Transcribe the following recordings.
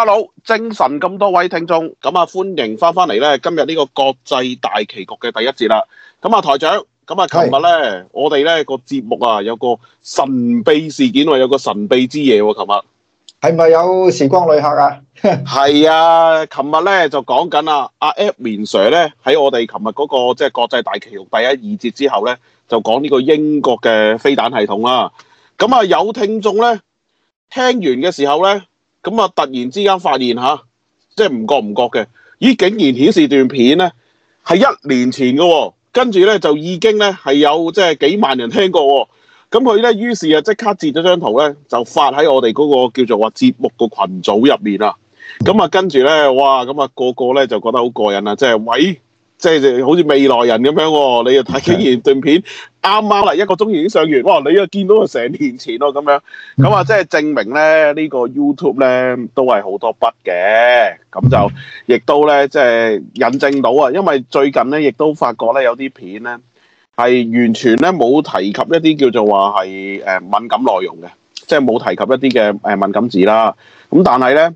hello，精神咁多位聽眾，咁啊歡迎翻翻嚟咧，今日呢個國際大棋局嘅第一節啦。咁啊台長，咁啊琴日咧，我哋咧個節目啊有個神秘事件喎，有個神秘之夜喎。琴日係咪有時光旅客啊？係 啊，琴日咧就講緊啊阿 Admin Sir 咧喺我哋琴日嗰個即係國際大棋局第一二節之後咧，就講呢個英國嘅飛彈系統啦。咁啊有聽眾咧聽完嘅時候咧。咁啊、嗯！突然之間發現嚇、啊，即係唔覺唔覺嘅，咦！竟然顯示段片咧係一年前嘅、哦，跟住咧就已經咧係有即係幾萬人聽過、哦。咁佢咧於是啊即刻截咗張圖咧，就發喺我哋嗰、那個叫做話節目個群組入面喇。咁、嗯、啊，跟住咧哇，咁、那、啊個個咧就覺得好過癮啊！即係喂。即係好似未來人咁樣喎、哦，你又睇竟然段片，啱啱啦一個鐘已經上完，哇！你又見到個成年前咯、哦、咁樣，咁啊，即係證明咧、這個、呢個 YouTube 咧都係好多筆嘅，咁就亦都咧即係引證到啊，因為最近咧亦都發覺咧有啲片咧係完全咧冇提及一啲叫做話係誒敏感內容嘅，即係冇提及一啲嘅誒敏感字啦，咁但係咧。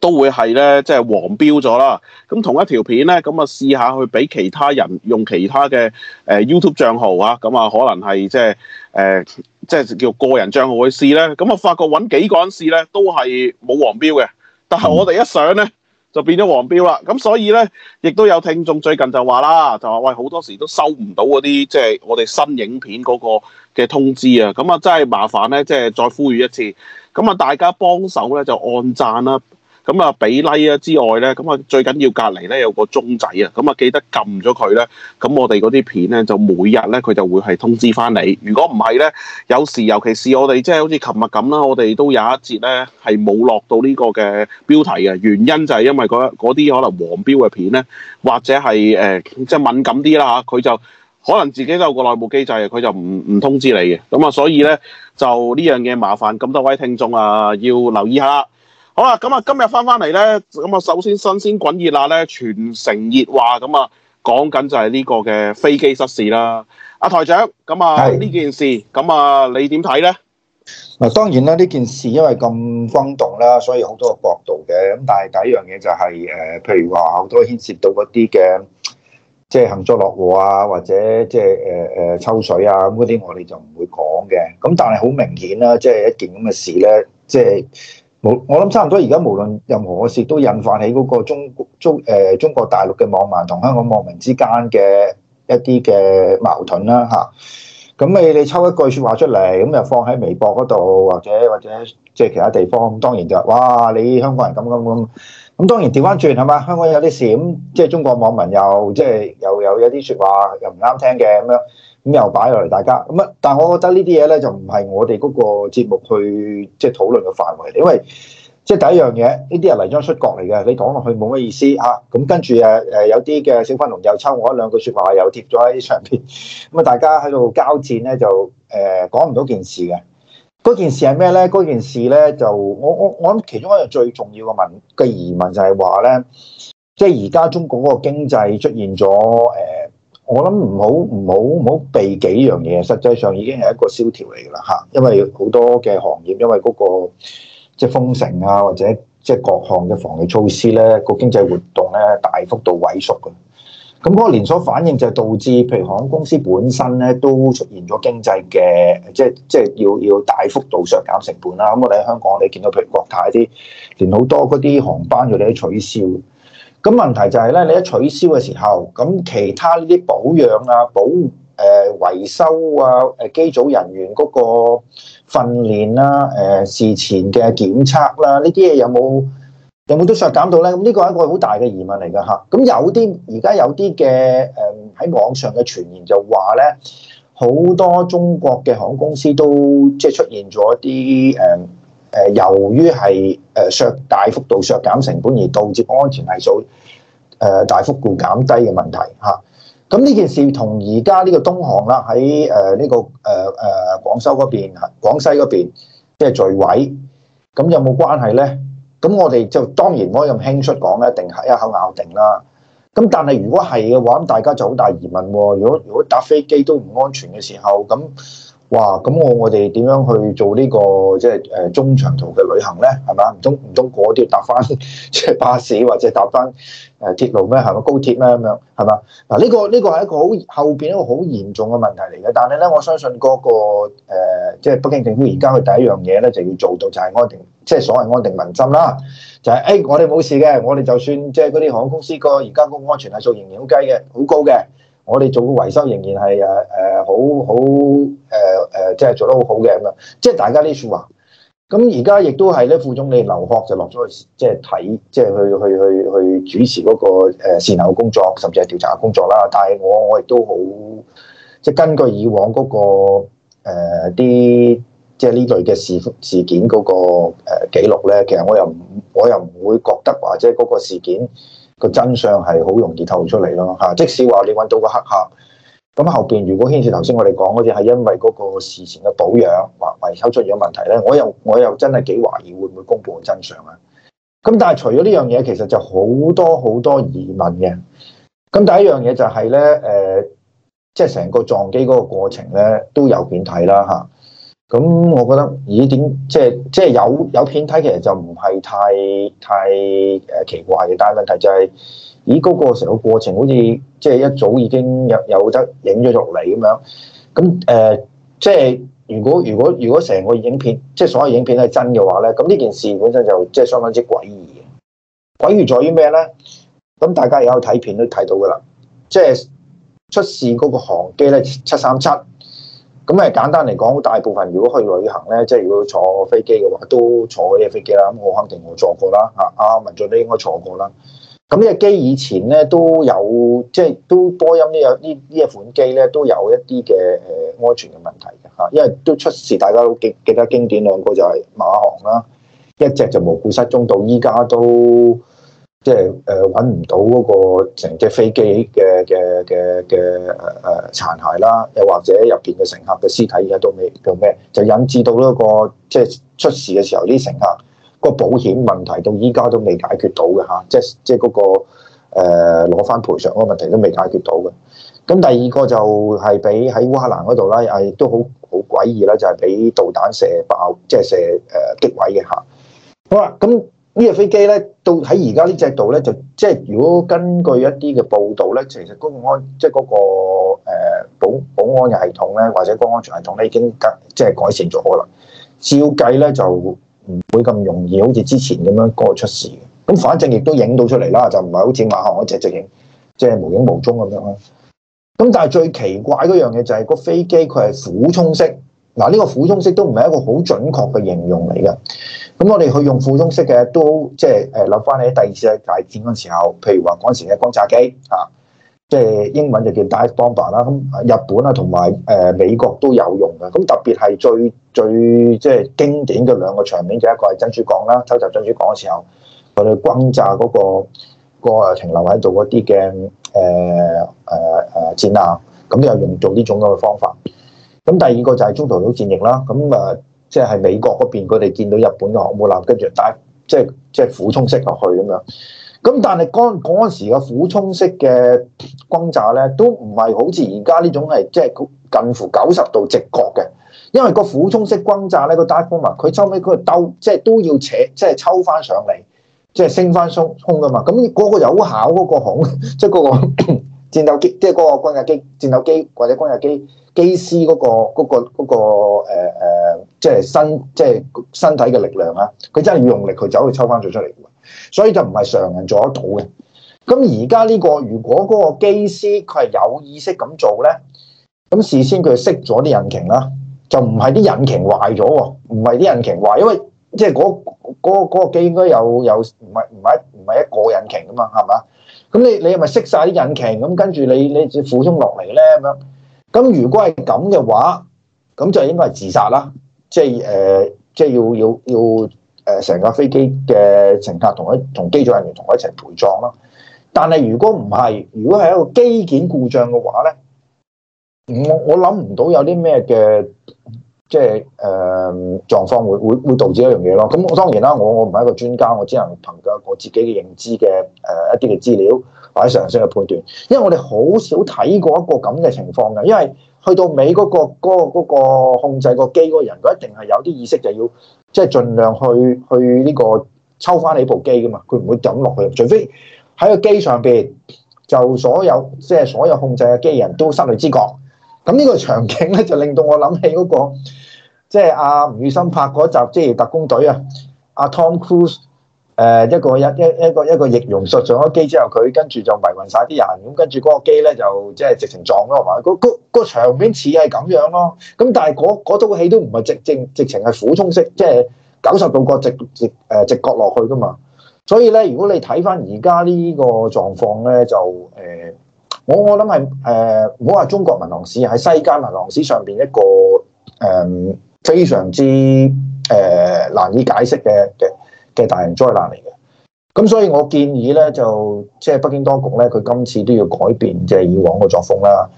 都會係咧，即係黃標咗啦。咁同一條片咧，咁啊試下去俾其他人用其他嘅誒 YouTube 帳號啊，咁啊可能係即係誒即係叫個人帳號去試咧。咁啊發覺揾幾個人試咧，都係冇黃標嘅。但係我哋一上咧，就變咗黃標啦。咁所以咧，亦都有聽眾最近就話啦，就話喂好多時都收唔到嗰啲即係我哋新影片嗰個嘅通知啊。咁啊真係麻煩咧，即係再呼籲一次。咁啊大家幫手咧就按讚啦。咁啊，俾 like 啊之外咧，咁啊最緊要隔籬咧有個鐘仔啊，咁、嗯、啊記得撳咗佢咧，咁、嗯、我哋嗰啲片咧就每日咧佢就會係通知翻你。如果唔係咧，有時尤其是我哋即係好似琴日咁啦，我哋都有一節咧係冇落到呢個嘅標題嘅原因就係因為嗰啲可能黃標嘅片咧，或者係誒即係敏感啲啦吓，佢就可能自己都有個內部機制，佢就唔唔通知你嘅。咁、嗯、啊，所以咧就呢樣嘢麻煩咁多位聽眾啊，要留意下。好啦，咁、嗯、啊，今日翻翻嚟咧，咁、嗯、啊，首先新鮮滾熱辣咧，全城熱話咁啊，講緊就係呢個嘅飛機失事啦。阿、啊、台長，咁啊呢件事，咁、嗯、啊你點睇咧？嗱，當然啦，呢件事因為咁轟動啦，所以好多個角度嘅。咁但係第一樣嘢就係、是、誒、呃，譬如話好多牽涉到嗰啲嘅，即係幸災樂禍啊，或者即係誒誒抽水啊咁嗰啲，我哋就唔會講嘅。咁但係好明顯啦，即係一件咁嘅事咧，即係。冇，我諗差唔多，而家無論任何事都引發起嗰個中中誒中國大陸嘅網民同香港網民之間嘅一啲嘅矛盾啦嚇。咁你你抽一句説話出嚟，咁又放喺微博嗰度，或者或者即係其他地方，咁當然就，哇！你香港人咁咁咁，咁當然調翻轉係嘛？香港有啲事咁，即係中國網民又即係又又有啲説話又唔啱聽嘅咁樣。咁又擺落嚟大家咁啊！但係我覺得呢啲嘢咧，就唔係我哋嗰個節目去即係、就是、討論嘅範圍，因為即係、就是、第一樣嘢，呢啲係嚟咗出國嚟嘅，你講落去冇乜意思嚇。咁跟住誒誒，有啲嘅小粉紅又抽我一兩句説話，又貼咗喺上邊。咁、嗯、啊，大家喺度交戰咧，就誒、呃、講唔到件事嘅。嗰件事係咩咧？嗰件事咧就我我我諗其中一樣最重要嘅問嘅疑問就係話咧，即係而家中國嗰個經濟出現咗誒。呃我諗唔好唔好唔好避幾樣嘢，實際上已經係一個蕭條嚟㗎啦嚇，因為好多嘅行業因為嗰、那個即係、就是、封城啊，或者即係各項嘅防疫措施咧，那個經濟活動咧大幅度萎縮㗎。咁、那、嗰個連鎖反應就係導致，譬如航空公司本身咧都出現咗經濟嘅即係即係要要大幅度削減成本啦。咁我哋喺香港，你見到譬如國泰啲連好多嗰啲航班佢哋都取消。咁問題就係咧，你一取消嘅時候，咁其他呢啲保養啊、保誒、呃、維修啊、誒機組人員嗰個訓練啦、啊、誒、呃、事前嘅檢測啦、啊，呢啲嘢有冇有冇都削減到咧？咁呢個係一個好大嘅疑問嚟㗎嚇。咁有啲而家有啲嘅誒喺網上嘅傳言就話咧，好多中國嘅航空公司都即係、就是、出現咗一啲誒誒，由於係，誒削大幅度削減成本而導致安全係數誒大幅度減低嘅問題嚇，咁呢件事同而家呢個東航啦喺誒呢個誒誒廣州嗰邊廣西嗰邊即係墜毀，咁有冇關係咧？咁我哋就當然唔可以咁輕率講咧，一定係一口咬定啦。咁但係如果係嘅話，咁大家就好大疑問喎。如果如果搭飛機都唔安全嘅時候，咁。哇！咁我我哋點樣去做呢、這個即係誒中長途嘅旅行咧？係嘛？唔通唔通嗰啲搭翻即係巴士或者搭翻誒鐵路咩？係咪高鐵咩咁樣？係嘛？嗱、這個，呢、這個呢個係一個好後邊一個好嚴重嘅問題嚟嘅。但係咧，我相信各、那個即係、呃就是、北京政府而家嘅第一樣嘢咧，就要做到就係安定，即、就、係、是、所謂安定民心啦。就係、是、誒、欸，我哋冇事嘅，我哋就算即係嗰啲航空公司個而家個安全係數仍然好低嘅，好高嘅。我哋做維修仍然係誒誒好好誒誒，即係做得好好嘅咁樣，即係大家呢句話。咁而家亦都係咧，副總理劉鶴就落咗去，即係睇，即係去去去去去去主持嗰個誒善後工作，甚至係調查工作啦。但係我我亦都好，即係根據以往嗰個誒啲，即係呢類嘅事事件嗰個誒記錄咧，其實我又唔我又唔會覺得或者嗰個事件。個真相係好容易透露出嚟咯。吓，即使話你揾到個黑客，咁後邊如果牽涉頭先我哋講嗰啲，係因為嗰個事前嘅保養或維修出咗問題咧，我又我又真係幾懷疑會唔會公布個真相啊！咁但係除咗呢樣嘢，其實就好多好多疑問嘅。咁第一樣嘢就係、是、咧，誒、呃，即係成個撞機嗰個過程咧，都有變體啦，吓。咁我覺得咦？點即係即係有有片睇，其實就唔係太太誒奇怪嘅。但係問題就係、是、咦？嗰、那個成個過程好似即係一早已經有有得影咗落嚟咁樣。咁誒、呃，即係如果如果如果成個影片即係所有影片係真嘅話咧，咁呢件事本身就即係相當之詭異嘅。詭異在於咩咧？咁大家有睇片都睇到㗎啦，即係出事嗰個航機咧七三七。咁誒簡單嚟講，大部分如果去旅行咧，即係如果坐飛機嘅話，都坐呢啲飛機啦。咁我肯定我坐過啦，嚇、啊、阿文俊都應該坐過啦。咁呢架機以前咧都有，即係都波音呢有呢呢一款機咧都有一啲嘅誒安全嘅問題嘅，嚇、啊，因為都出事，大家都記記得經典兩個就係馬航啦，一隻就無故失蹤到依家都。即係誒，搵唔到嗰個成隻飛機嘅嘅嘅嘅誒誒殘骸啦，又或者入邊嘅乘客嘅屍體而家都未叫咩？就引致到呢個即係出事嘅時候，啲乘客個保險問題到依家都未解決到嘅吓，即係即係嗰個誒攞翻賠償嗰個問題都未解決到嘅。咁第二個就係俾喺烏克蘭嗰度啦，誒都好好詭異啦，就係俾導彈射爆，即係射誒擊毀嘅吓。好啦，咁。機呢個飛機咧，到喺而家呢隻度咧，就即係如果根據一啲嘅報道咧，其實公安即係嗰、那個、呃、保保安嘅系統咧，或者公安，安全系統咧已經即係改善咗啦。照計咧就唔會咁容易，好似之前咁樣過、那個、出事。咁反正亦都影到出嚟啦，就唔係好似馬航只直影即係無影無蹤咁樣啦。咁但係最奇怪嗰樣嘢就係、是、個飛機佢係俯衝式嗱，呢、這個俯衝式都唔係一個好準確嘅形容嚟嘅。咁我哋去用俯衝式嘅，都即係誒諗翻起第二次嘅大戰嗰時候，譬如話嗰陣時嘅轟炸機啊，即係英文就叫 dive bomber 啦。咁日本啊同埋誒美國都有用嘅。咁特別係最最即係經典嘅兩個場面，就一個係珍珠港啦，偷襲珍珠港嘅時候，佢哋轟炸嗰、嗰個、嗰個停留喺度嗰啲嘅誒誒誒戰艦，咁都有用做啲咁樣嘅方法。咁第二個就係中途島戰役啦。咁啊～即係美國嗰邊，佢哋見到日本嘅航母艦，跟住帶即係即係俯衝式落去咁樣。咁但係嗰嗰陣時嘅俯衝式嘅轟炸咧，都唔係好似而家呢種係即係近乎九十度直角嘅。因為個俯衝式轟炸咧，嗰個單飛物佢收尾佢兜，即係都要扯，即係抽翻上嚟，即係升翻衝空噶嘛。咁、那、嗰個有效嗰個孔，即係嗰、嗰個。 戰鬥機即係嗰個軍用機，戰鬥機或者軍用機機師嗰個，嗰個，嗰個，呃，即係身即係身體嘅力量啊！佢真係要用力去走去抽翻佢出嚟，所以就唔係常人做得到嘅。咁而家呢個如果嗰個機師佢係有意識咁做咧，咁事先佢熄咗啲引擎啦，就唔係啲引擎壞咗喎，唔係啲引擎壞，因為即係嗰嗰嗰個機應該有有唔係唔係唔係一個引擎㗎嘛，係咪？咁你你係咪熄晒啲引擎？咁跟住你你只俯衝落嚟咧咁樣？咁如果係咁嘅話，咁就應該係自殺啦，即係誒、呃，即係要要要誒成架飛機嘅乘客同一，同機組人員同佢一齊陪葬啦。但係如果唔係，如果係一個機件故障嘅話咧，我我諗唔到有啲咩嘅。即係誒、呃、狀況會會會導致一樣嘢咯。咁我當然啦，我我唔係一個專家，我只能憑嘅我自己嘅認知嘅誒一啲嘅資料或者常識嘅判斷。因為我哋好少睇過一個咁嘅情況嘅，因為去到尾嗰、那個嗰、那個那個那個、控制個機嗰人，佢一定係有啲意識就要即係、就是、盡量去去呢、這個抽翻起部機噶嘛，佢唔會就落去，除非喺個機上邊就所有即係、就是、所有控制嘅機人都失去知覺。咁呢個場景咧，就令到我諗起嗰、那個，即係阿吳宇森拍嗰集《即、就、職業、是、特工隊啊》啊，阿 Tom Cruise 誒、呃、一個一一一個一個易容術上咗機之後，佢跟住就迷暈晒啲人，咁跟住嗰個機咧就即係直情撞咯，係、那、嘛、個？個個個場面似係咁樣咯，咁但係嗰嗰套戲都唔係直正直情係俯衝式，即係九十度角直直誒、呃、直角落去噶嘛，所以咧如果你睇翻而家呢個狀況咧，就誒，呃我、呃、我諗係誒唔好話中國民航史喺世界民航史上邊一個誒、嗯、非常之誒、呃、難以解釋嘅嘅嘅大型災難嚟嘅。咁所以我建議咧就即係北京當局咧，佢今次都要改變即係以往嘅作風啦，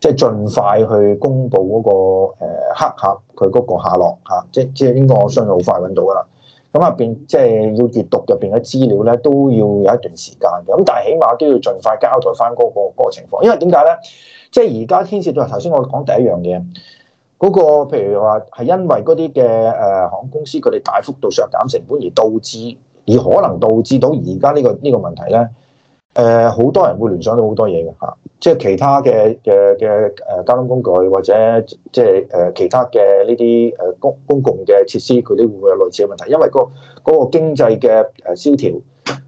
即係盡快去公布嗰個黑盒，佢嗰個下落嚇，即即應該我相信好快揾到噶啦。咁入邊即係要閲讀入邊嘅資料咧，都要有一段時間嘅。咁但係起碼都要盡快交代翻嗰個嗰個情況，因為點解咧？即係而家牽涉到頭先我講第一樣嘢，嗰個譬如話係因為嗰啲嘅誒航空公司佢哋大幅度削減成本而導致，而可能導致到而家呢個呢個問題咧。誒，好多人會聯想到好多嘢嘅嚇。即係其他嘅、嘅、嘅誒交通工具，或者即係誒其他嘅呢啲誒公公共嘅設施，佢都會唔會有類似嘅問題？因為個嗰個經濟嘅誒蕭條、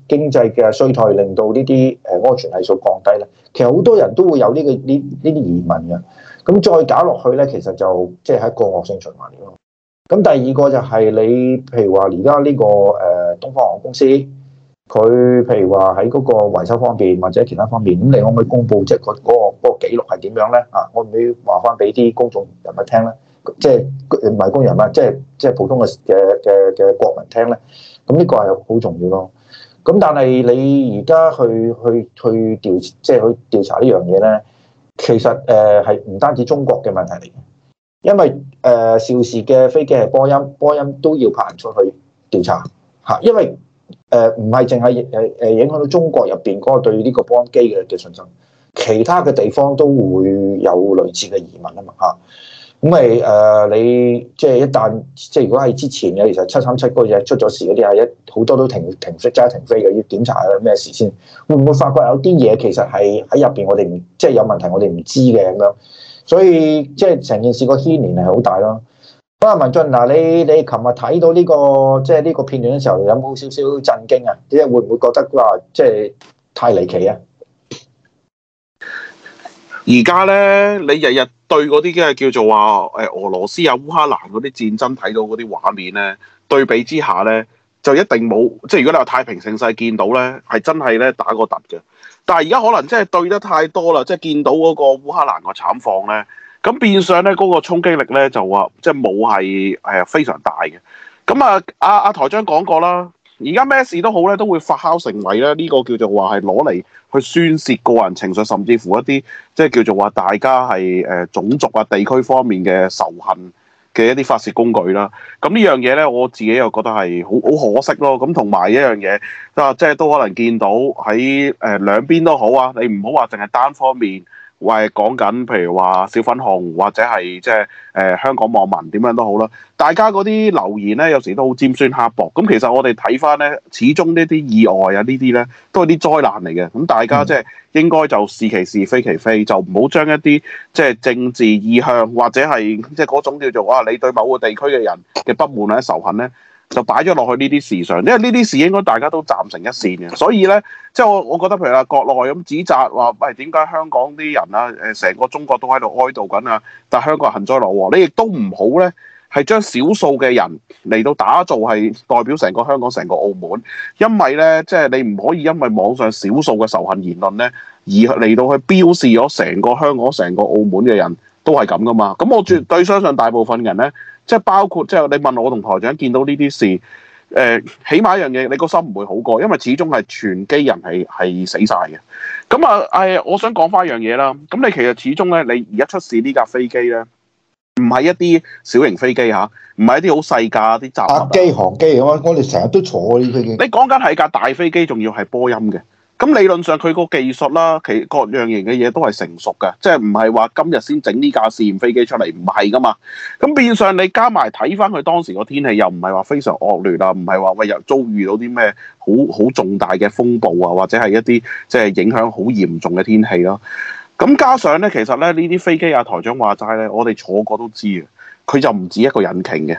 經濟嘅衰退，令到呢啲誒安全係數降低咧。其實好多人都會有呢個呢呢啲疑問嘅。咁再搞落去咧，其實就即係喺個惡性循環咯。咁第二個就係你，譬如話而家呢個誒東方航空公司。佢譬如話喺嗰個維修方面，或者其他方面，咁你可唔可以公布即係佢嗰個嗰個記錄係點樣咧？嚇，可唔可以話翻俾啲公眾人物聽咧？即係唔係公眾人物，即係即係普通嘅嘅嘅嘅國民聽咧？咁呢個係好重要咯。咁但係你而家去去去調即係去調查呢樣嘢咧，其實誒係唔單止中國嘅問題嚟嘅，因為誒肇事嘅飛機係波音，波音都要派人出去調查嚇，因為，誒唔係淨係誒誒影響到中國入邊嗰個對呢個波音機嘅嘅信心，其他嘅地方都會有類似嘅疑問啊嘛嚇，咁咪誒你即係一旦即係如果係之前嘅，其實七三七嗰隻出咗事嗰啲係一好多都停停飛，即係停飛嘅要檢查下咩事先，會唔會發覺有啲嘢其實係喺入邊我哋唔即係有問題我哋唔知嘅咁樣，所以即係成件事個牽連係好大咯。嗱，文俊，嗱你你琴日睇到呢個即係呢個片段嘅時候，有冇少少震驚啊？即係會唔會覺得話即係太離奇啊？而家咧，你日日對嗰啲嘅叫做話誒俄羅斯啊烏克蘭嗰啲戰爭睇到嗰啲畫面咧，對比之下咧，就一定冇即係如果你話太平盛世見到咧，係真係咧打過突嘅。但係而家可能真係對得太多啦，即係見到嗰個烏克蘭個慘況咧。咁變相咧，嗰個衝擊力咧就話即係冇係係非常大嘅。咁啊，阿阿台長講過啦，而家咩事都好咧，都會發酵成為咧呢個叫做話係攞嚟去宣泄個人情緒，甚至乎一啲即係叫做話大家係誒種族啊、地區方面嘅仇恨嘅一啲發泄工具啦。咁呢樣嘢咧，我自己又覺得係好好可惜咯。咁同埋一樣嘢，啊，即係都可能見到喺誒兩邊都好啊。你唔好話淨係單方面。或係講緊，譬如話小粉紅，或者係即係誒香港網民點樣都好啦。大家嗰啲留言咧，有時都好尖酸刻薄。咁其實我哋睇翻咧，始終呢啲意外啊，呢啲咧都係啲災難嚟嘅。咁大家即係應該就是其是非其非，就唔好將一啲即係政治意向，或者係即係嗰種叫做啊，你對某個地區嘅人嘅不滿咧、仇恨咧，就擺咗落去呢啲事上，因為呢啲事應該大家都站成一線嘅，所以呢，即係我我覺得譬如啦，國內咁指責話，喂點解香港啲人啦，誒成個中國都喺度哀悼緊啊，但香港幸災樂禍，你亦都唔好呢，係將少數嘅人嚟到打造係代表成個香港成個澳門，因為呢，即係你唔可以因為網上少數嘅仇恨言論呢，而嚟到去標示咗成個香港成個澳門嘅人都係咁㗎嘛，咁我絕對相信大部分人呢。即係包括即係、就是、你問我，同台長見到呢啲事，誒、呃，起碼一樣嘢，你個心唔會好過，因為始終係全機人係係死晒嘅。咁啊，誒、呃呃，我想講翻一樣嘢啦。咁你其實始終咧，你而家出事呢架飛機咧，唔係一啲小型飛機嚇，唔、啊、係一啲好細架啲雜、客機航機我哋成日都坐呢飛機。機，你講緊係架大飛機，仲要係波音嘅。咁理論上佢個技術啦，其各樣型嘅嘢都係成熟嘅，即係唔係話今日先整呢架試驗飛機出嚟，唔係噶嘛。咁變相你加埋睇翻佢當時個天氣，又唔係話非常惡劣啊，唔係話喂又遭遇到啲咩好好重大嘅風暴啊，或者係一啲即係影響好嚴重嘅天氣咯。咁加上咧，其實咧呢啲飛機，阿台長話齋咧，我哋坐過都知嘅，佢就唔止一個引擎嘅，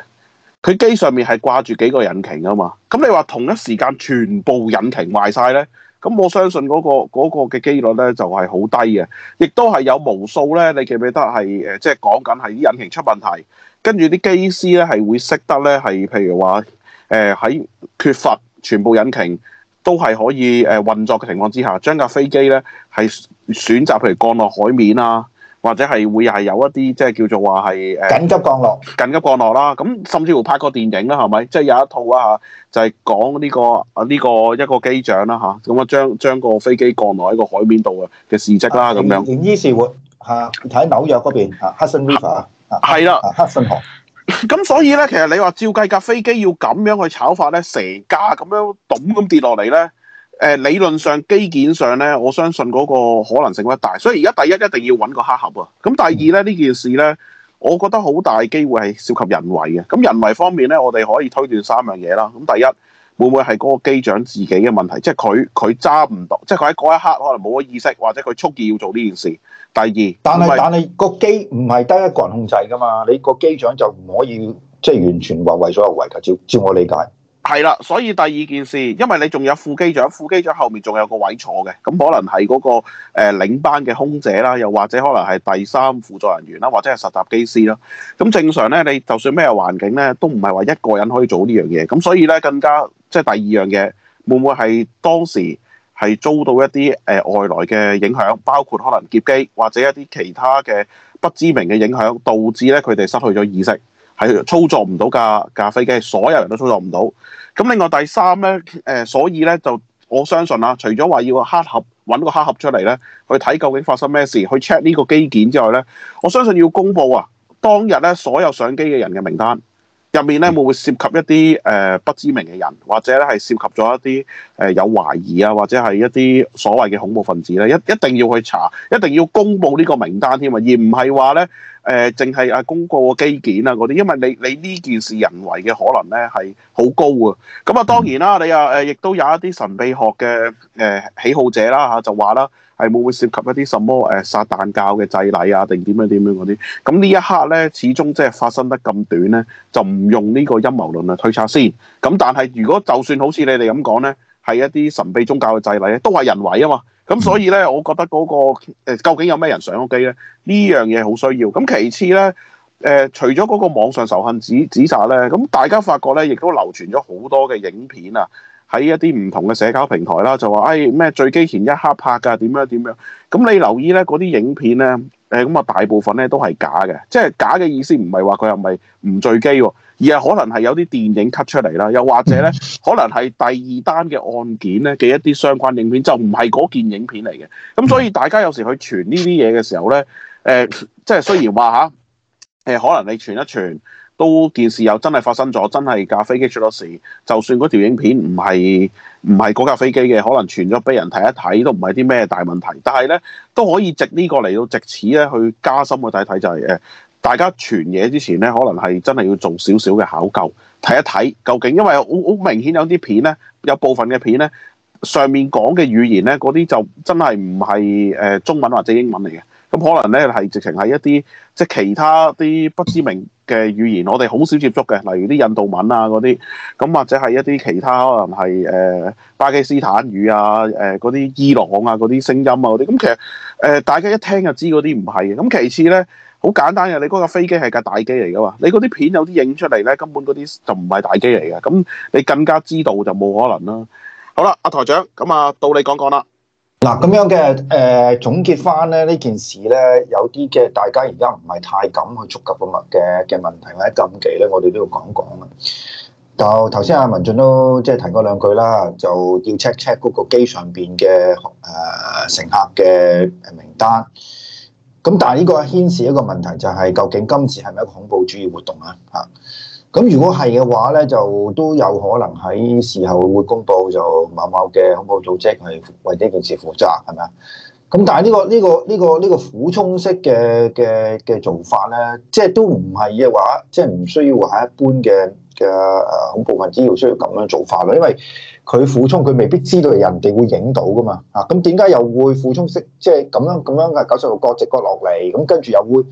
佢機上面係掛住幾個引擎噶嘛。咁你話同一時間全部引擎壞晒咧？咁我相信嗰個嗰個嘅機率咧就係好低嘅，亦都係有無數咧，你記唔記得係誒，即係講緊係啲引擎出問題，跟住啲機師咧係會識得咧係，譬如話誒喺缺乏全部引擎都係可以誒運作嘅情況之下，將架飛機咧係選擇譬如降落海面啊。或者係會又有一啲即係叫做話係緊急降落、緊急降落啦。咁甚至乎拍個電影啦，係咪？即係有一套啊、呢個，就係講呢個啊呢個一個機長啦嚇，咁啊將將個飛機降落喺個海面度嘅嘅事蹟啦咁樣。於、啊、是活嚇喺紐約嗰邊黑哈森維係啦，黑的森河。咁、啊啊 啊嗯、所以咧，其實你話照計架飛機要咁樣去炒法咧，成架咁樣棟咁跌落嚟咧。理論上機件上呢，我相信嗰個可能性不大，所以而家第一一定要揾個黑盒啊！咁第二呢呢件事呢，我覺得好大機會係涉及人為嘅。咁人為方面呢，我哋可以推斷三樣嘢啦。咁第一會唔會係嗰個機長自己嘅問題，即係佢佢揸唔到，即係佢喺嗰一刻可能冇咗意識，或者佢蓄意要做呢件事。第二，但係是為但係個機唔係得一個人控制噶嘛，你個機長就唔可以即係、就是、完全話為所欲為噶，照照我理解。係啦，所以第二件事，因為你仲有副機長，副機長後面仲有個位坐嘅，咁可能係嗰個誒領班嘅空姐啦，又或者可能係第三輔助人員啦，或者係實習機師啦。咁正常咧，你就算咩環境咧，都唔係話一個人可以做呢樣嘢。咁所以咧，更加即係、就是、第二樣嘢，會唔會係當時係遭到一啲誒外來嘅影響，包括可能劫機或者一啲其他嘅不知名嘅影響，導致咧佢哋失去咗意識，係操作唔到架架飛機，所有人都操作唔到。咁另外第三咧，誒、呃、所以咧就我相信啊，除咗話要個黑盒揾個黑盒出嚟咧，去睇究竟發生咩事，去 check 呢個機件之外咧，我相信要公布啊，當日咧所有上機嘅人嘅名單入面咧會唔會涉及一啲誒、呃、不知名嘅人，或者咧係涉及咗一啲誒、呃、有懷疑啊，或者係一啲所謂嘅恐怖分子咧，一一定要去查，一定要公布呢個名單添啊，而唔係話咧。誒淨係啊，呃、公告機件啊嗰啲，因為你你呢件事人為嘅可能咧係好高啊，咁啊當然啦，你啊誒亦都有一啲神秘學嘅誒、呃、喜好者啦嚇，就話啦係冇會涉及一啲什麼誒、呃、撒旦教嘅祭禮啊定點樣點樣嗰啲，咁呢一刻咧始終即係發生得咁短咧，就唔用呢個陰謀論嚟推測先。咁但係如果就算好似你哋咁講咧。係一啲神秘宗教嘅祭禮咧，都係人為啊嘛，咁所以咧，我覺得嗰個誒究竟有咩人上咗機咧？呢樣嘢好需要。咁其次咧，誒、呃，除咗嗰個網上仇恨指指責咧，咁大家發覺咧，亦都流傳咗好多嘅影片啊，喺一啲唔同嘅社交平台啦、啊，就係話，哎咩墜機前一刻拍噶，點樣點樣。咁你留意咧，嗰啲影片咧，誒咁啊，大部分咧都係假嘅，即係假嘅意思唔係話佢又唔係唔墜機。而係，可能係有啲電影 cut 出嚟啦，又或者咧，可能係第二單嘅案件咧嘅一啲相關影片，就唔係嗰件影片嚟嘅。咁所以大家有時去傳呢啲嘢嘅時候咧，誒、呃，即係雖然話嚇，誒、呃，可能你傳一傳，都件事又真係發生咗，真係架飛機出咗事。就算嗰條影片唔係唔係嗰架飛機嘅，可能傳咗俾人睇一睇，都唔係啲咩大問題。但係咧，都可以藉，個藉呢個嚟到藉此咧去加深去睇睇就係、是、誒。呃大家傳嘢之前咧，可能係真係要做少少嘅考究，睇一睇究竟，因為好好明顯有啲片咧，有部分嘅片咧，上面講嘅語言咧，嗰啲就真係唔係誒中文或者英文嚟嘅，咁可能咧係直情係一啲即係其他啲不知名嘅語言，我哋好少接觸嘅，例如啲印度文啊嗰啲，咁或者係一啲其他可能係誒、呃、巴基斯坦語啊、誒嗰啲伊朗啊嗰啲聲音啊嗰啲，咁其實誒、呃、大家一聽就知嗰啲唔係嘅。咁其次咧。好簡單嘅，你嗰個飛機係架大機嚟噶嘛？你嗰啲片有啲影出嚟咧，根本嗰啲就唔係大機嚟嘅。咁你更加知道就冇可能啦。好啦，阿台長，咁啊到你講講啦。嗱，咁樣嘅誒總結翻咧呢件事咧，有啲嘅大家而家唔係太敢去觸及咁物嘅嘅問題或者禁忌咧，我哋都要講講啊。就頭先阿文進都即係提過兩句啦，就要 check check 嗰個機上邊嘅誒乘客嘅名單。咁但係呢個牽涉一個問題，就係究竟今次係咪一個恐怖主義活動啊？嚇！咁如果係嘅話咧，就都有可能喺事後會公佈就某某嘅恐怖組織係為呢件事負責係咪啊？咁但係呢個呢個呢個呢個俯衝式嘅嘅嘅做法咧，即係都唔係嘅話，即係唔需要話一般嘅嘅誒恐怖分子要需要咁樣做法咯，因為。佢俯衝，佢未必知道人哋會影到㗎嘛啊！咁點解又會俯衝式，即係咁樣咁樣嘅九十度角直角落嚟，咁跟住又會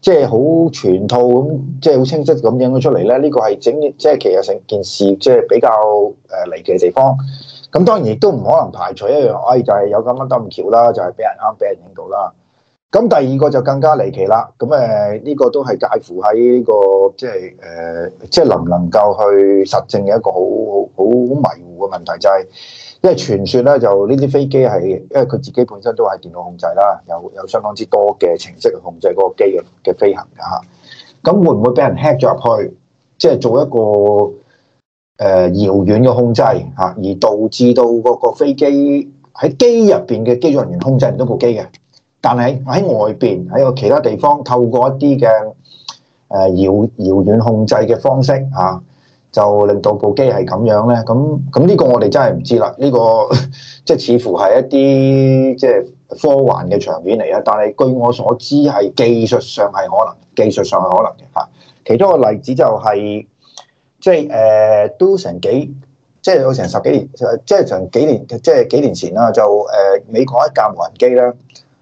即係好全套咁，即係好清晰咁影咗出嚟咧？呢個係整即係其實成件事即係比較誒離奇嘅地方。咁當然亦都唔可能排除一樣，哎就係有咁啱得咁蹺啦，就係俾人啱俾人影到啦。咁第二個就更加離奇啦。咁誒呢個都係介乎喺呢個即係誒，即係能唔能夠去實證嘅一個好好好迷。個問題就係、是，因為傳說咧就呢啲飛機係，因為佢自己本身都係電腦控制啦，有有相當之多嘅程式去控制嗰個機嘅嘅飛行嘅吓。咁、啊、會唔會俾人 hack 咗入去，即、就、係、是、做一個誒遙遠嘅控制吓、啊，而導致到嗰個飛機喺機入邊嘅機組人員控制唔到部機嘅？但係喺外邊喺個其他地方透過一啲嘅誒遙遙遠控制嘅方式吓。啊就令到部機係咁樣咧，咁咁呢個我哋真係唔知啦。呢、這個 即係似乎係一啲即係科幻嘅場面嚟啊，但係據我所知係技術上係可能，技術上係可能嘅嚇。其中一個例子就係、是、即係誒、呃、都成幾即係有成十幾年，即係成幾年，即係幾年前啦，就、呃、誒美國一架無人機咧，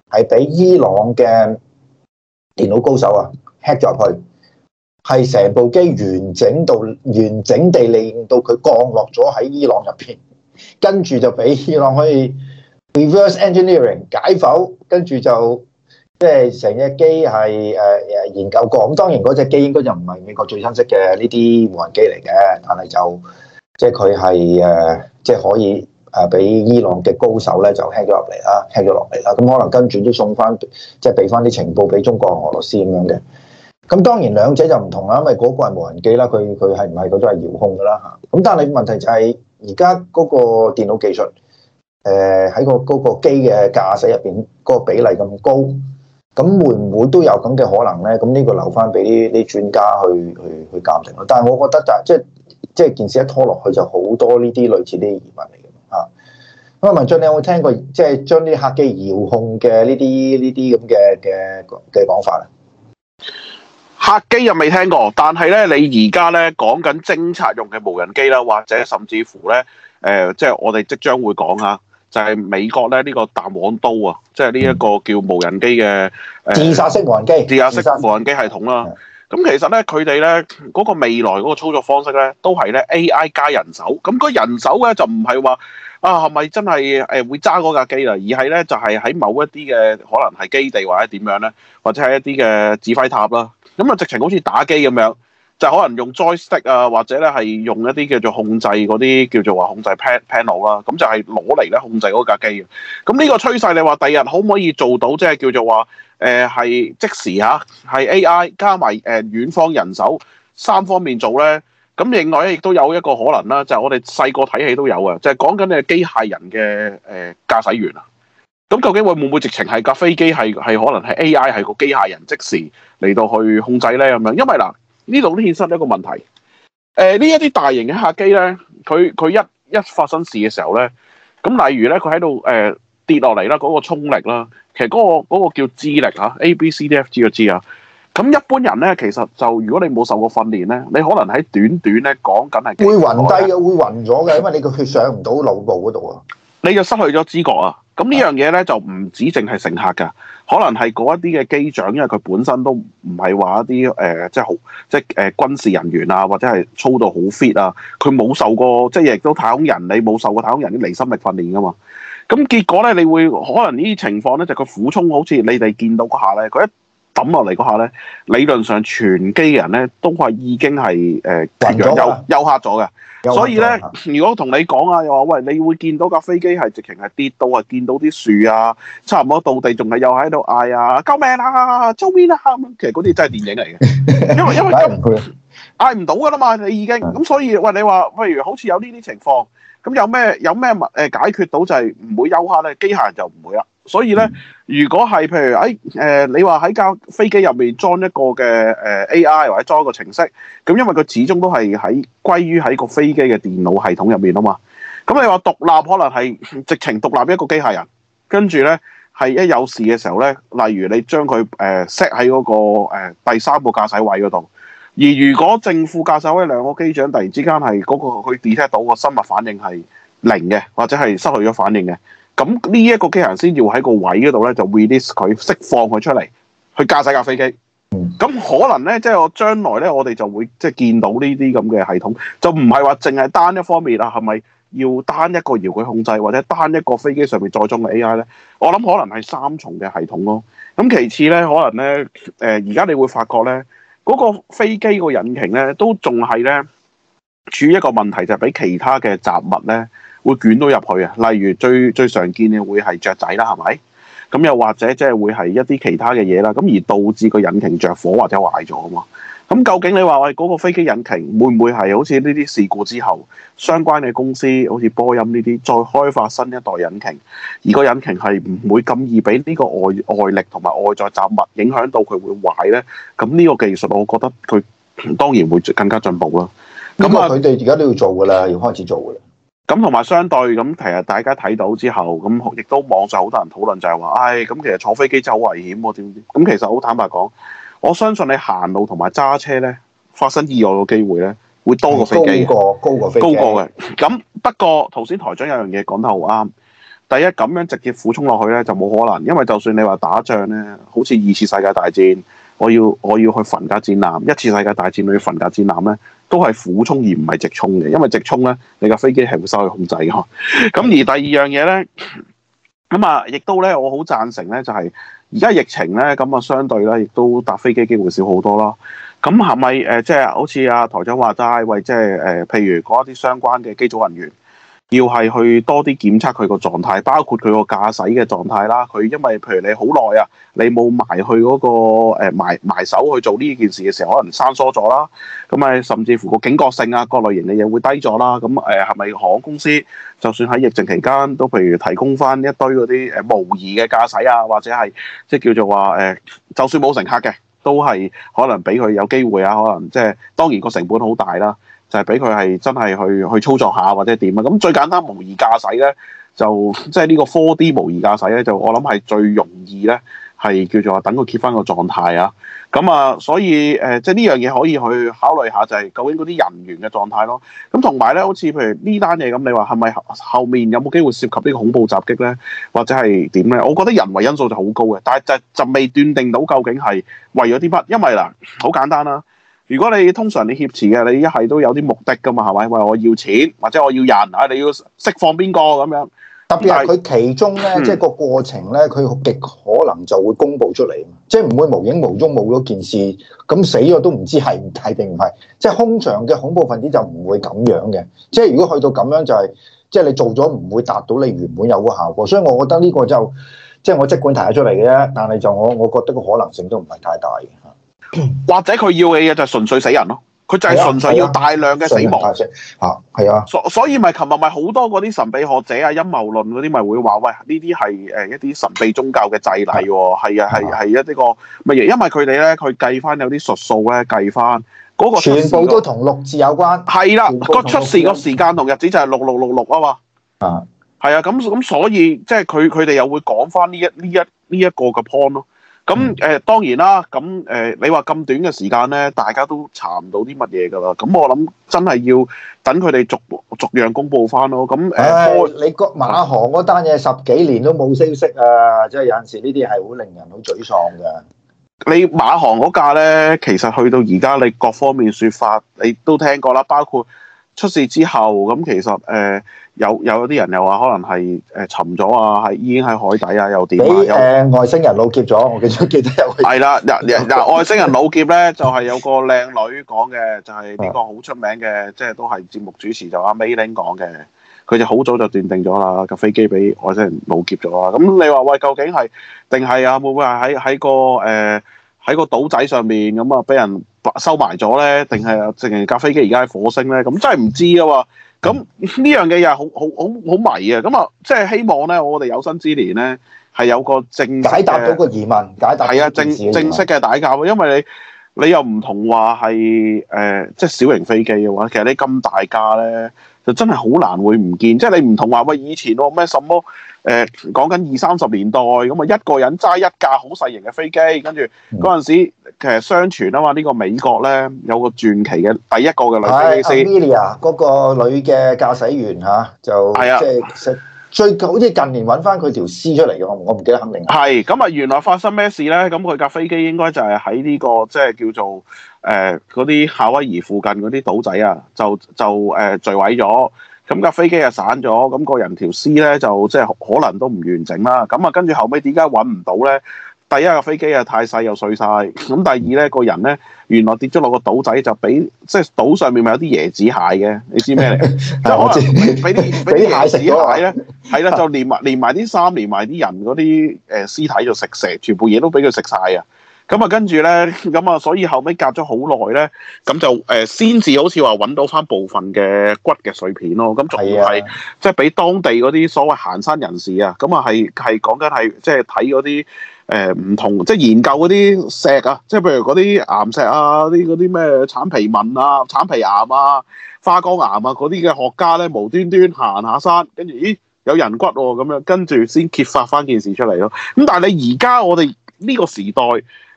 係俾伊朗嘅電腦高手啊 hack 咗入去。係成部機完整到完整地令到佢降落咗喺伊朗入邊，跟住就俾伊朗可以 reverse engineering 解剖，跟住就即係成隻機係誒誒研究過。咁、嗯、當然嗰隻機應該就唔係美國最新式嘅呢啲無人機嚟嘅，但係就即係佢係誒即係可以誒俾伊朗嘅高手咧就 hack 咗入嚟啦，hack 咗落嚟啦。咁、嗯、可能跟住都送翻即係俾翻啲情報俾中國俄羅斯咁樣嘅。咁當然兩者就唔同啦，因為嗰個係無人機啦，佢佢係唔係嗰種係遙控噶啦吓。咁但係問題就係而家嗰個電腦技術誒，喺個嗰個機嘅駕駛入邊嗰個比例咁高，咁會唔會都有咁嘅可能咧？咁呢個留翻俾啲專家去去去鑒定咯。但係我覺得就即係即係件事一拖落去就好多呢啲類似啲疑問嚟嘅吓。咁啊，文俊，你有冇聽過即係將啲客機遙控嘅呢啲呢啲咁嘅嘅嘅講法咧？客機又未聽過，但係咧，你而家咧講緊偵察用嘅無人機啦，或者甚至乎咧，誒、呃，即、就、係、是、我哋即將會講下，就係、是、美國咧呢、這個彈簧刀啊，即係呢一個叫無人機嘅、呃、自殺式無人機、自殺式無人機系統啦。咁其實咧，佢哋咧嗰個未來嗰個操作方式咧，都係咧 AI 加人手。咁嗰人手咧就唔係話啊係咪真係誒會揸嗰架機啦，而係咧就係喺某一啲嘅可能係基地或者點樣咧，或者係一啲嘅指揮塔啦。咁啊，直情好似打機咁樣，就可能用 joystick 啊，或者咧係用一啲叫做控制嗰啲叫做話控制 panel 啦。咁就係攞嚟咧控制嗰架機嘅。咁呢個趨勢，你話第日可唔可以做到，即係叫做話？誒係、呃、即時嚇，係、啊、AI 加埋誒、呃、遠方人手三方面做咧。咁另外咧，亦都有一個可能啦，就係、是、我哋細個睇戲都有嘅，就係講緊呢個機械人嘅誒、呃、駕駛員啊。咁究竟會唔會直情係架飛機，係係可能係 AI 係個機械人即時嚟到去控制咧咁樣？因為嗱，呢度都衍生一個問題。誒呢一啲大型嘅客機咧，佢佢一一發生事嘅時候咧，咁例如咧，佢喺度誒。呃跌落嚟啦，嗰、那個衝力啦，其實嗰、那個那個叫 G 力嚇，A B C D F G 嘅 G 啊，咁一般人咧，其實就如果你冇受過訓練咧，你可能喺短短咧講緊係會暈低嘅，會暈咗嘅，因為你個血上唔到腦部嗰度啊，你就失去咗知覺啊。咁呢樣嘢咧就唔止淨係乘客噶，可能係嗰一啲嘅機長，因為佢本身都唔係話一啲誒、呃，即係好即係誒軍事人員啊，或者係操到好 fit 啊，佢冇受過即係亦都太空人，你冇受過太空人啲離心力訓練噶嘛。咁結果咧，你會可能呢啲情況咧，就佢、是、俯衝好似你哋見到嗰下咧，佢一抌落嚟嗰下咧，理論上全機人咧都係已經係誒，一、呃、樣蹤休休克咗嘅。所以咧，如果同你講啊，又話喂，你會見到架飛機係直情係跌到啊，見到啲樹啊，差唔多到地仲係又喺度嗌啊，救命啊，周邊啊，其實嗰啲真係電影嚟嘅，因為因為咁嗌唔到噶啦嘛，你已經咁，所以喂，你話譬如好似有呢啲情況。咁有咩有咩物解決到就係唔會休克咧？機械人就唔會啦。所以咧，如果係譬如喺誒、哎呃、你話喺架飛機入面裝一個嘅誒 AI 或者裝一個程式，咁因為佢始終都係喺歸於喺個飛機嘅電腦系統入面啊嘛。咁你話獨立可能係、嗯、直情獨立一個機械人，跟住咧係一有事嘅時候咧，例如你將佢誒 set 喺嗰個、呃、第三個駕駛位嗰度。而如果正副駕駛位兩個機長突然之間係嗰個去 detect 到個生物反應係零嘅，或者係失去咗反應嘅，咁呢一個機人先要喺個位嗰度咧就 release 佢釋放佢出嚟去駕駛架飛機。咁可能咧，即係我將來咧，我哋就會即係見到呢啲咁嘅系統，就唔係話淨係單一方面啊，係咪要單一個遙距控制，或者單一個飛機上面載裝嘅 AI 咧？我諗可能係三重嘅系統咯。咁其次咧，可能咧，誒而家你會發覺咧。嗰個飛機個引擎咧，都仲係咧處於一個問題，就係俾其他嘅雜物咧會捲到入去啊，例如最最常見嘅會係雀仔啦，係咪？咁又或者即係會係一啲其他嘅嘢啦，咁而導致個引擎着火或者壞咗啊嘛。咁究竟你話我哋嗰個飛機引擎會唔會係好似呢啲事故之後相關嘅公司，好似波音呢啲再開發新一代引擎，而個引擎係唔會咁易俾呢個外外力同埋外在雜物影響到佢會壞呢？咁呢個技術，我覺得佢當然會更加進步啦。咁啊，佢哋而家都要做噶啦，要開始做噶啦。咁同埋相對咁，其實大家睇到之後，咁亦都網上好多人討論就係話，唉，咁其實坐飛機真係好危險喎，點點點。咁其實好坦白講。我相信你行路同埋揸車呢，發生意外嘅機會呢，會多過飛機，高過飛機，高過嘅。咁不過，頭先台長有樣嘢講得好啱。第一，咁樣直接俯衝落去呢，就冇可能，因為就算你話打仗呢，好似二次世界大戰，我要我要去焚甲戰艦，一次世界大戰嗰啲焚甲戰艦呢，都係俯衝而唔係直衝嘅，因為直衝呢，你架飛機係會失去控制嘅。咁 而第二樣嘢呢，咁啊，亦都呢，我好贊成呢、就係，就係。而家疫情咧，咁啊相對咧，亦都搭飛機機會少好多咯。咁係咪誒，即係好似阿台長話齋，喂，即係誒，譬如嗰一啲相關嘅機組人員？要係去多啲檢測佢個狀態，包括佢個駕駛嘅狀態啦。佢因為譬如你好耐啊，你冇埋去嗰、嗰個誒埋埋手去做呢件事嘅時候，可能生疏咗啦。咁啊，甚至乎個警覺性啊，各類型嘅嘢會低咗啦。咁誒，係咪航空公司就算喺疫情期間都，譬如提供翻一堆嗰啲誒模擬嘅駕駛啊，或者係即係叫做話誒、呃，就算冇乘客嘅，都係可能俾佢有機會啊。可能即、就、係、係、當然個成本好大啦。就係俾佢係真係去去操作下或者點啊！咁最簡單模擬駕駛咧，就即係呢個 four D 模擬駕駛咧，就我諗係最容易咧，係叫做話等佢切翻個狀態啊！咁啊，所以誒、呃，即係呢樣嘢可以去考慮下，就係、是、究竟嗰啲人員嘅狀態咯。咁同埋咧，好似譬如呢單嘢咁，你話係咪後面有冇機會涉及呢個恐怖襲擊咧，或者係點咧？我覺得人為因素就好高嘅，但係就就未斷定到究竟係為咗啲乜，因為嗱，好簡單啦。如果你通常你挾持嘅，你一係都有啲目的㗎嘛，係咪？喂，我要錢或者我要人啊？你要釋放邊個咁樣，特別係佢其中咧，嗯、即係個過程咧，佢極可能就會公布出嚟，即係唔會無影無蹤冇咗件事。咁死咗都唔知係唔係定唔係，即係空場嘅恐怖分子就唔會咁樣嘅。即係如果去到咁樣就係、是、即係你做咗唔會達到你原本有個效果。所以我覺得呢個就即係我即管提得出嚟嘅啫。但係就我我覺得個可能性都唔係太大嘅。或者佢要嘅嘢就純粹死人咯，佢就係純粹要大量嘅死亡吓。係啊，所所以咪琴日咪好多嗰啲神秘學者啊、陰謀論嗰啲咪會話喂，呢啲係誒一啲神秘宗教嘅祭禮喎，係啊，係係一呢個乜嘢，因為佢哋咧佢計翻有啲術數咧計翻嗰個全部都同六字有關，係啦，個出事個時間同日子就係六六六六啊嘛，啊係啊，咁咁所以即係佢佢哋又會講翻呢一呢一呢一個嘅 point 咯。咁誒、呃、當然啦，咁誒、呃、你話咁短嘅時間咧，大家都查唔到啲乜嘢噶啦。咁我諗真係要等佢哋逐逐樣公布翻咯。咁誒，呃哎、我你個馬航嗰單嘢十幾年都冇消息啊！嗯、即係有陣時呢啲係會令人好沮喪嘅。你馬航嗰架咧，其實去到而家你各方面説法你都聽過啦，包括出事之後咁，其實誒。呃有有啲人又話可能係誒沉咗啊，係已經喺海底啊，又點啊？俾誒外星人盜劫咗，我記得記得有係啦。嗱嗱，外星人盜劫咧，就係有個靚女講嘅，就係呢個好出名嘅，即係都係節目主持，就阿 Mayling 講嘅。佢就好早就斷定咗啦架飛機俾外星人盜劫咗啦。咁你話喂，究竟係定係啊？會唔會係喺喺個誒喺個島仔上面咁啊？俾人收埋咗咧？定係淨係架飛機而家喺火星咧？咁真係唔知啊嘛～咁呢、嗯、樣嘅嘢又好好好好迷啊！咁啊，即係希望咧，我哋有生之年咧，係有個正解答到個疑問，解答係啊正正式嘅大架，因為你你又唔同話係誒，即、呃、係、就是、小型飛機嘅話，其實你咁大架咧。就真係好難會唔見，即係你唔同話喂、哎、以前咯咩什麼誒、呃、講緊二三十年代咁啊，一個人揸一架好細型嘅飛機，跟住嗰陣時其實相傳啊嘛，呢、呢個美國咧有個傳奇嘅第一個嘅女飛機師，Amelia 嗰 個女嘅駕駛員嚇就係啊。最近好似近年揾翻佢條屍出嚟嘅，我唔記得肯定。係咁啊，原來發生咩事咧？咁佢架飛機應該就係喺呢個即係叫做誒嗰啲夏威夷附近嗰啲島仔啊，就就誒墜毀咗。咁架飛機又散咗，咁個人條屍咧就即係可能都唔完整啦。咁啊，跟住後尾點解揾唔到咧？第一個飛機啊太細又碎晒；咁第二咧個人咧。原來跌咗落個島仔就俾即係島上面咪有啲椰子蟹嘅，你知咩嚟？即係 可能俾啲俾啲蟹食咗，係啦，就連埋連埋啲衫，連埋啲人嗰啲誒屍體就食蛇，全部嘢都俾佢食晒啊！咁啊，跟住咧，咁啊，所以後尾隔咗好耐咧，咁就誒先至好似話揾到返部分嘅骨嘅碎片咯。咁仲係即係俾當地嗰啲所謂行山人士啊，咁啊係係講緊係即係睇嗰啲。誒唔、呃、同即係研究嗰啲石啊，即係譬如嗰啲岩石啊，啲嗰啲咩橙皮紋啊、橙皮岩啊、花崗岩啊嗰啲嘅學家咧，無端端行下山，跟住咦有人骨喎、哦、咁樣，跟住先揭發翻件事出嚟咯。咁但係你而家我哋呢個時代，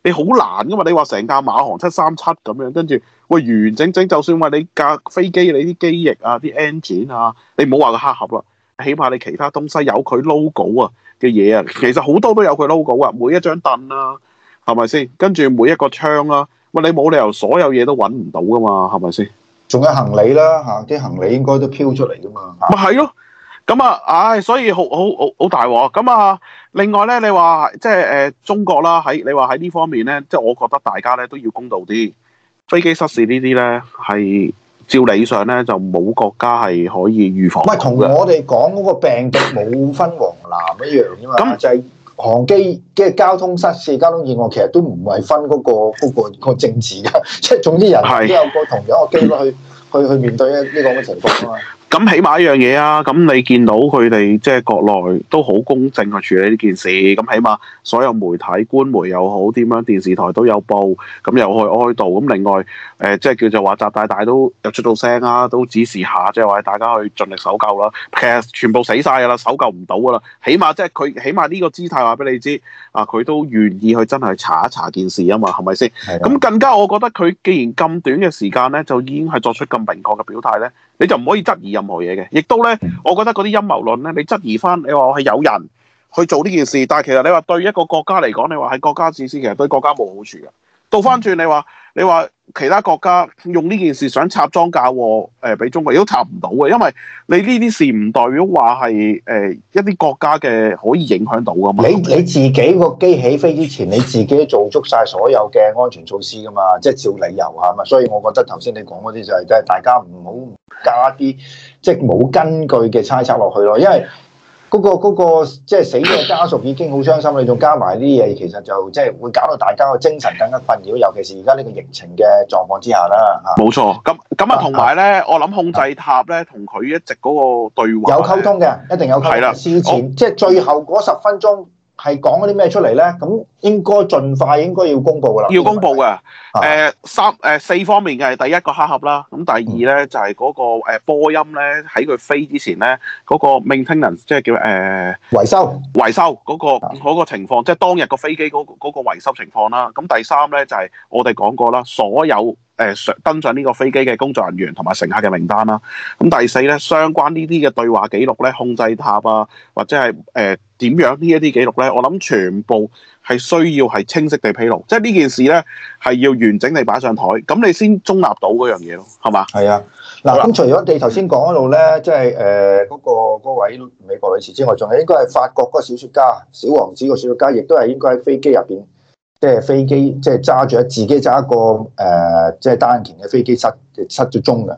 你好難噶嘛？你話成架馬航七三七咁樣，跟住喂完完整整，就算話你架飛機你啲機翼啊、啲 engine 啊，你唔好話佢黑盒啦。起碼你其他東西有佢 logo 啊嘅嘢啊，其實好多都有佢 logo 啊，每一張凳啦，係咪先？跟住每一個窗啦，啊，咪你冇理由所有嘢都揾唔到噶嘛，係咪先？仲有行李啦，吓，啲行李應該都飄出嚟噶嘛，咪係咯？咁、嗯就是、啊，唉、哎，所以好好好，好大鑊。咁、嗯、啊，另外咧，你話即係誒，中國啦，喺你話喺呢方面咧，即、就、係、是、我覺得大家咧都要公道啲，飛機失事呢啲咧係。照理上咧，就冇國家係可以預防唔係同我哋講嗰個病毒冇分黃藍一樣㗎嘛？ 就係航機嘅交通失事、交通意外，其實都唔係分嗰、嗰個、嗰、嗰個、政治㗎。即係總之，人都有同個同樣嘅機會去 去去，去面對一呢個情況啊。 咁起碼一樣嘢啊！咁你見到佢哋即係國內都好公正去處理呢件事，咁起碼所有媒體官媒又好，點樣電視台都有報，咁又去哀悼。咁另外誒、呃，即係叫做話習大大都有出到聲啦，都指示下，即係話大家去盡力搜救啦。其實全部死晒噶啦，搜救唔到噶啦。起碼即係佢，起碼呢個姿態話俾你知啊，佢都願意去真係去查一查件事啊嘛，係咪先？咁的更加，我覺得佢既然咁短嘅時間咧，就已經係作出咁明確嘅表態咧。你就唔可以質疑任何嘢嘅，亦都咧，嗯、我覺得嗰啲陰謀論咧，你質疑翻，你話我係有人去做呢件事，但係其實你話對一個國家嚟講，你話係國家自私，其實對國家冇好處嘅。倒翻轉，你話你話其他國家用呢件事想插莊架，誒俾中國，亦都插唔到嘅，因為你呢啲事唔代表話係誒一啲國家嘅可以影響到噶嘛。你係唔係，你自己個機起飛之前，你自己做足晒所有嘅安全措施噶嘛，即係照理由係嘛，所以我覺得頭先你講嗰啲就係即係大家唔好。加啲即係冇根據嘅猜測落去咯，因為嗰、嗰個、嗰個、即係死嘅家屬已經好傷心，你仲加埋啲嘢，其實就即係會搞到大家個精神更加困擾，尤其是而家呢個疫情嘅狀況之下啦。冇錯，咁咁啊，同埋咧，我諗控制塔咧，同佢、啊、一直嗰個對話有溝通嘅，一定有溝通。係啦，事前、哦、即係最後嗰十分鐘。係講嗰啲咩出嚟咧？咁應該盡快應該要公佈噶啦。要公佈嘅，誒、啊呃、三誒、呃、四方面嘅係第一個黑盒啦。咁第二咧就係嗰個波音咧，喺佢飛之前咧嗰、那個 maintenance 即係叫誒維修維修嗰個情況，即、就、係、是、當日個飛機嗰、那、嗰個維修、那個、情況啦。咁第三咧就係我哋講過啦，所有，誒上、呃、登上呢個飛機嘅工作人員同埋乘客嘅名單啦，咁、嗯、第四咧相關呢啲嘅對話記錄咧，控制塔啊或者係誒點樣呢一啲記錄咧，我諗全部係需要係清晰地披露，即係呢件事咧係要完整地擺上台，咁你先中立到嗰樣嘢咯，係嘛？係啊，嗱咁了、嗯、除咗你頭先講嗰度咧，即係誒嗰個嗰位美國女士之外，仲係應該係法國嗰個小説家《小王子》個小説家，亦都係應該喺飛機入邊。即係飛機，即係揸住自己揸一個誒，即、呃、係、就是、單引擎嘅飛機失失咗蹤嘅。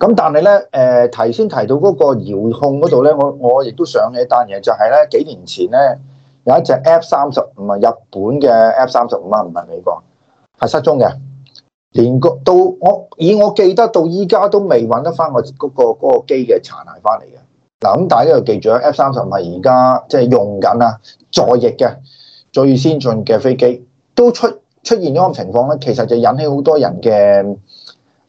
咁但係咧，誒、呃，頭先提到嗰個遙控嗰度咧，我我亦都想起一單嘢，就係、是、咧幾年前咧有一隻 F 三十五，唔係日本嘅 F 三十五啊，唔係美國係失蹤嘅，連個到我以我記得到依家都未揾得翻我嗰個嗰、那個機嘅殘骸翻嚟嘅。嗱咁，大家又記住 F 三十五係而家即係用緊啊，f、在役嘅、就是、最先進嘅飛機。都出出現咗個情況咧，其實就引起好多人嘅誒、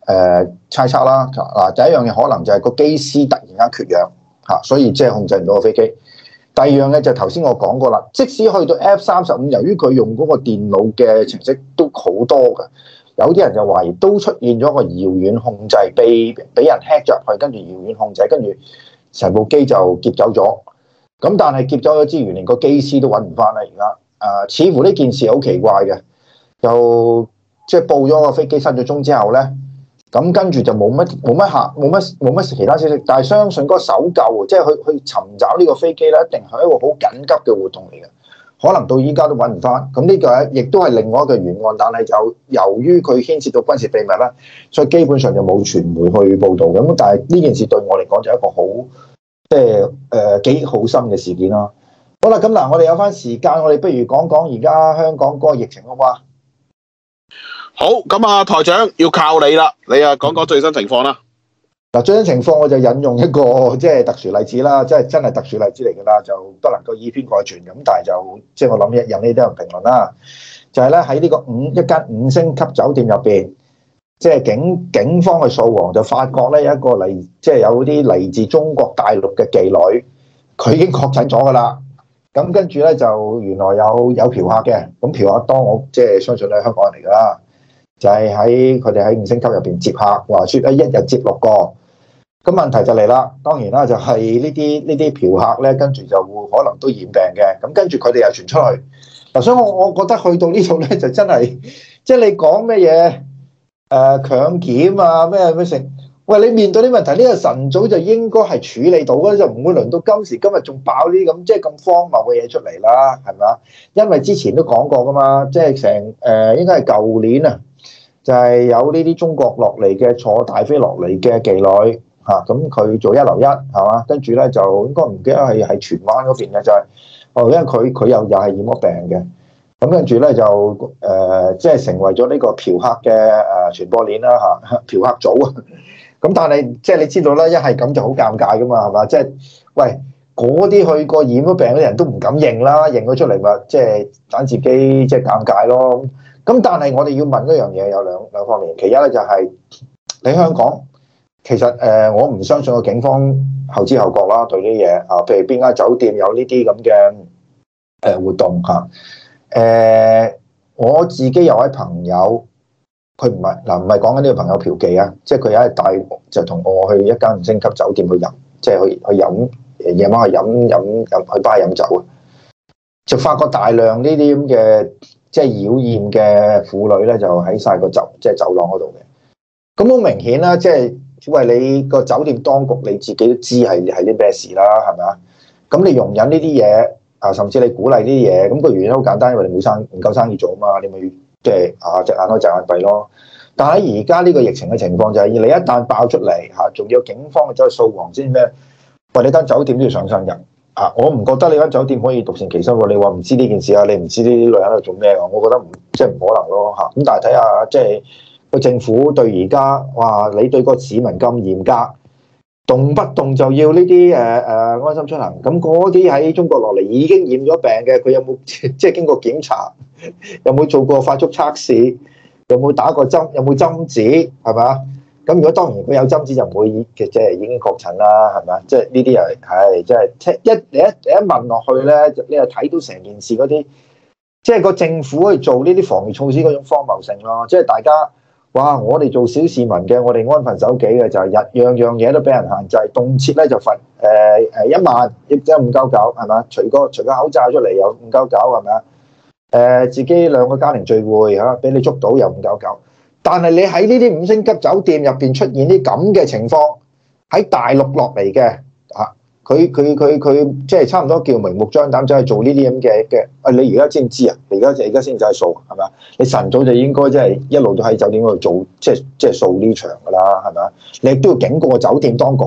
呃、猜測啦。嗱，第一樣嘢可能就係個機師突然間缺氧嚇、啊，所以即係控制唔到個飛機。第二樣嘢就頭先我講過啦，即使去到 F 三十五，由於佢用嗰個電腦嘅程式都好多㗎，有啲人就懷疑都出現咗個遙遠控制被俾人 hack 入去，跟住遙遠控制，跟住成部機就劫走咗。咁但係劫走咗之餘，連個機師都揾唔翻啦，而家。啊、呃，似乎呢件事好奇怪嘅，就即係報咗個飛機失咗蹤之後呢，咁跟住就冇乜冇乜下冇乜冇乜其他消息。但係相信嗰搜救即係去去尋找呢個飛機呢，一定係一個好緊急嘅活動嚟嘅。可能到依家都揾唔翻，咁呢個亦都係另外一個懸案。但係就由於佢牽涉到軍事秘密啦，所以基本上就冇傳媒去報導咁。但係呢件事對我嚟講就係一個好即係誒幾好深嘅事件啦。好啦，咁嗱，我哋有翻時間，我哋不如講講而家香港嗰個疫情好嘛。好，咁啊，台長要靠你啦，你啊講講最新情況啦。嗱，最新情況我就引用一個即係特殊例子啦，即係真係特殊例子嚟噶啦，就不能夠以偏概全咁，但係就即係我諗，任呢啲人評論啦。就係咧喺呢個五一間五星級酒店入邊，即係警警方嘅掃黃就發覺咧有一個嚟，即係有啲嚟自中國大陸嘅妓女，佢已經確診咗噶啦。咁跟住咧就原來有有嫖客嘅，咁嫖客多，我即係相信咧香港人嚟㗎喇，就係喺佢哋喺五星級入邊接客話説咧一日接六個，咁問題就嚟啦。當然啦，就係呢啲呢啲嫖客咧，跟住就會可能都染病嘅。咁跟住佢哋又傳出去嗱，所以我我覺得去到呢度咧就真係即係你講咩嘢誒強檢啊咩咩成。喂，你面對啲問題，呢、這個晨早就應該係處理到啦，就唔會輪到今時今日仲爆呢啲咁即係咁荒謬嘅嘢出嚟啦，係咪？因為之前都講過㗎嘛，即係成誒應該係舊年啊，就係、是、有呢啲中國落嚟嘅坐大飛落嚟嘅妓女嚇，咁、啊、佢做一樓一係嘛？跟住咧就應該唔記得係喺荃灣嗰邊嘅就係哦，因為佢佢又又係染咗病嘅，咁跟住咧就誒、呃、即係成為咗呢個嫖客嘅誒傳播鏈啦嚇，嫖、啊、客組啊。咁但係即係你知道啦，一係咁就好尷尬噶嘛，係嘛？即係喂嗰啲去過染咗病嗰啲人都唔敢認啦，認咗出嚟咪即係等自己即係尷尬咯。咁但係我哋要問一樣嘢，有兩兩方面。其一咧就係你香港，其實誒我唔相信個警方後知後覺啦，對啲嘢啊，譬如邊間酒店有呢啲咁嘅誒活動嚇。誒我自己有位朋友。佢唔係嗱，唔係講緊呢個朋友嫖妓啊，即係佢有一日帶就同我去一間五星級酒店去飲，即係去去飲夜晚去飲飲飲去巴飲酒啊，就發覺大量呢啲咁嘅即係妖艷嘅婦女咧，就喺晒個走即係走廊嗰度嘅，咁好明顯啦，即係喂，你個酒店當局你自己都知係係啲咩事啦，係咪啊？咁你容忍呢啲嘢啊，甚至你鼓勵呢啲嘢，咁個原因好簡單，因為你冇生唔夠生意做啊嘛，你咪。即係啊，隻眼開隻眼閉咯。但係而家呢個疫情嘅情況就係、是，你一旦爆出嚟嚇，仲要警方再掃黃先咩？喂，你間酒店都要上身啊！我唔覺得你間酒店可以獨善其身喎。你話唔知呢件事啊，你唔知呢啲女人喺度做咩啊？我覺得唔即係唔可能咯嚇。咁但係睇下即係個政府對而家話你對個市民咁嚴格。動不動就要呢啲誒誒安心出行，咁嗰啲喺中國落嚟已經染咗病嘅，佢有冇即係經過檢查， 有冇做過快速測試，有冇打過針，有冇針紙，係咪？咁如果當然佢有針紙就唔會即係已經確診啦，係咪？即係呢啲又係，即係、即係、一你一你一問落去咧，你又睇到成件事嗰啲，即係個政府去做呢啲防疫措施嗰種荒謬性咯，即係大家。哇！我哋做小市民嘅，我哋安分守己嘅就係、是、日樣樣嘢都俾人限制，就是、動輒咧就罰誒誒一萬，亦都唔夠九，係嘛？除個除個口罩出嚟又唔夠九，係咪啊？誒，自己兩個家庭聚會嚇，俾、啊、你捉到又唔夠九。但係你喺呢啲五星級酒店入邊出現啲咁嘅情況，喺大陸落嚟嘅嚇。啊。佢佢佢佢即係差唔多叫明目張膽，就係、是、做呢啲咁嘅嘅。啊！你而家先知啊，你而家就而家先就係掃，係咪啊？你晨早就應該即係一路都喺酒店嗰度做，即係即係掃呢場㗎啦，係咪啊？你亦都要警告個酒店當局。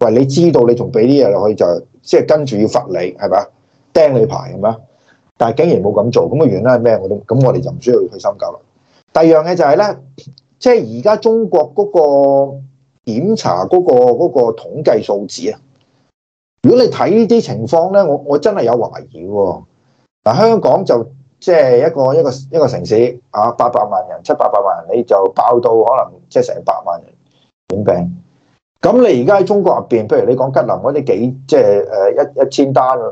喂，你知道你仲俾啲嘢落去就即、是、係跟住要罰你，係咪啊？釘你牌係咪啊？但係竟然冇咁做，咁嘅原因係咩？我哋咁我哋就唔需要去深究啦。第二樣嘢就係、是、咧，即係而家中國嗰個檢查嗰、那個嗰、那個統計數字啊！如果你睇呢啲情況咧，我我真係有懷疑喎。嗱，香港就即係一個一個一個城市啊，八百萬人，七八百萬人，你就爆到可能即係成百萬人染病。咁你而家喺中國入邊，譬如你講吉林嗰啲幾即係誒一一千單啊，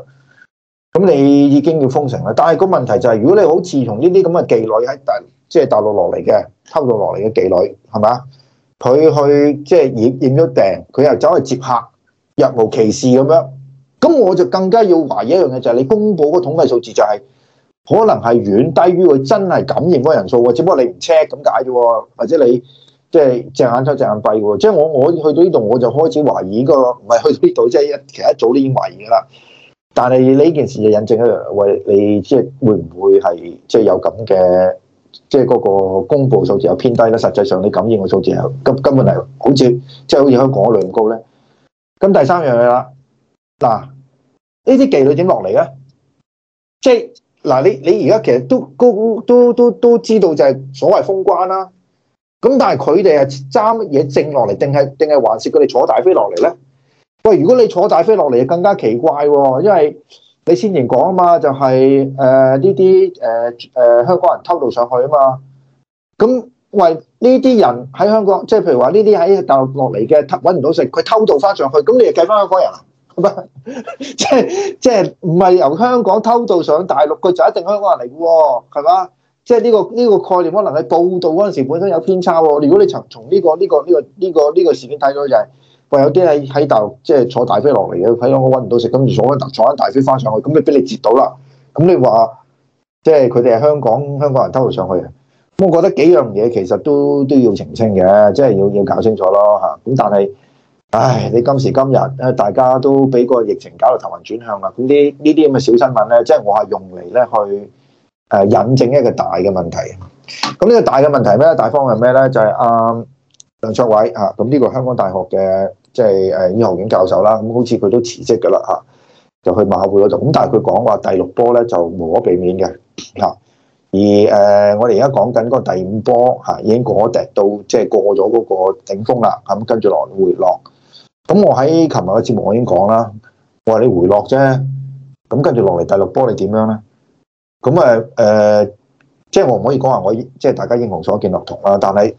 咁你已經要封城啦。但係個問題就係，如果你好似從呢啲咁嘅妓女喺大即係大陸落嚟嘅偷渡落嚟嘅妓女，係嘛？佢去即係染染咗病，佢又走去接客。若無其事咁樣，咁我就更加要懷疑一樣嘢，就係、是、你公布嗰統計數字就係、是、可能係遠低於佢真係感染嗰人數喎，只不過你唔 check 咁解啫喎，或者你即係隻眼睜隻眼閉喎，即係我我去到呢度，我就開始懷疑個唔係去到呢度，即、就、係、是、一其實一早已經懷疑噶啦。但係呢件事就引證一樣，喂，你即係會唔會係即係有咁嘅，即係嗰個公布數字又偏低咧？實際上你感染嘅數字又根根本係好似即係好似香港嗰類咁高咧？咁第三樣嘢啦，嗱呢啲妓女點落嚟嘅？即係嗱，你你而家其實都都都都都知道就係所謂封關啦、啊。咁但係佢哋係揸乜嘢證落嚟？定係定係還是佢哋坐大飛落嚟咧？喂，如果你坐大飛落嚟，更加奇怪喎、啊，因為你先前講啊嘛，就係誒呢啲誒誒香港人偷渡上去啊嘛，咁。喂，呢啲人喺香港，即係譬如話呢啲喺大陸落嚟嘅揾唔到食，佢偷渡翻上去，咁你又計翻香港人啊？唔係 即係即係唔係由香港偷渡上大陸，佢就一定香港人嚟嘅喎，係嘛？即係呢個呢個概念可能喺報導嗰陣時本身有偏差喎。如果你從從呢個呢個呢個呢個呢個事件睇到就係，話有啲喺喺大陸即係坐大飛落嚟嘅，睇我我揾唔到食，咁就坐一坐一大飛翻上去，咁就俾你截到啦。咁你話即係佢哋係香港香港人偷渡上去嘅？我覺得幾樣嘢其實都都要澄清嘅，即係要要搞清楚咯嚇。咁但係，唉，你今時今日啊，大家都俾個疫情搞到頭暈轉向啦。咁啲呢啲咁嘅小新聞咧，即係我係用嚟咧去誒引證一個大嘅問題。咁呢個大嘅問題咩大方係咩咧？就係、是、阿、啊、梁卓偉啊。咁、這、呢個香港大學嘅即係誒醫學院教授啦。咁、啊、好似佢都辭職噶啦嚇，就去馬會度。咁、啊、但係佢講話第六波咧就無可避免嘅啊。而誒，我哋而家講緊嗰第五波嚇、啊，已經過咗頂，到即係過咗嗰個頂峯啦。咁、啊、跟住落回落，咁我喺琴日嘅節目我已經講啦，我話你回落啫，咁、啊、跟住落嚟第六波你點樣咧？咁誒誒，即、呃、係、就是、我唔可以講話我即係、就是、大家英雄所見略同啦。但係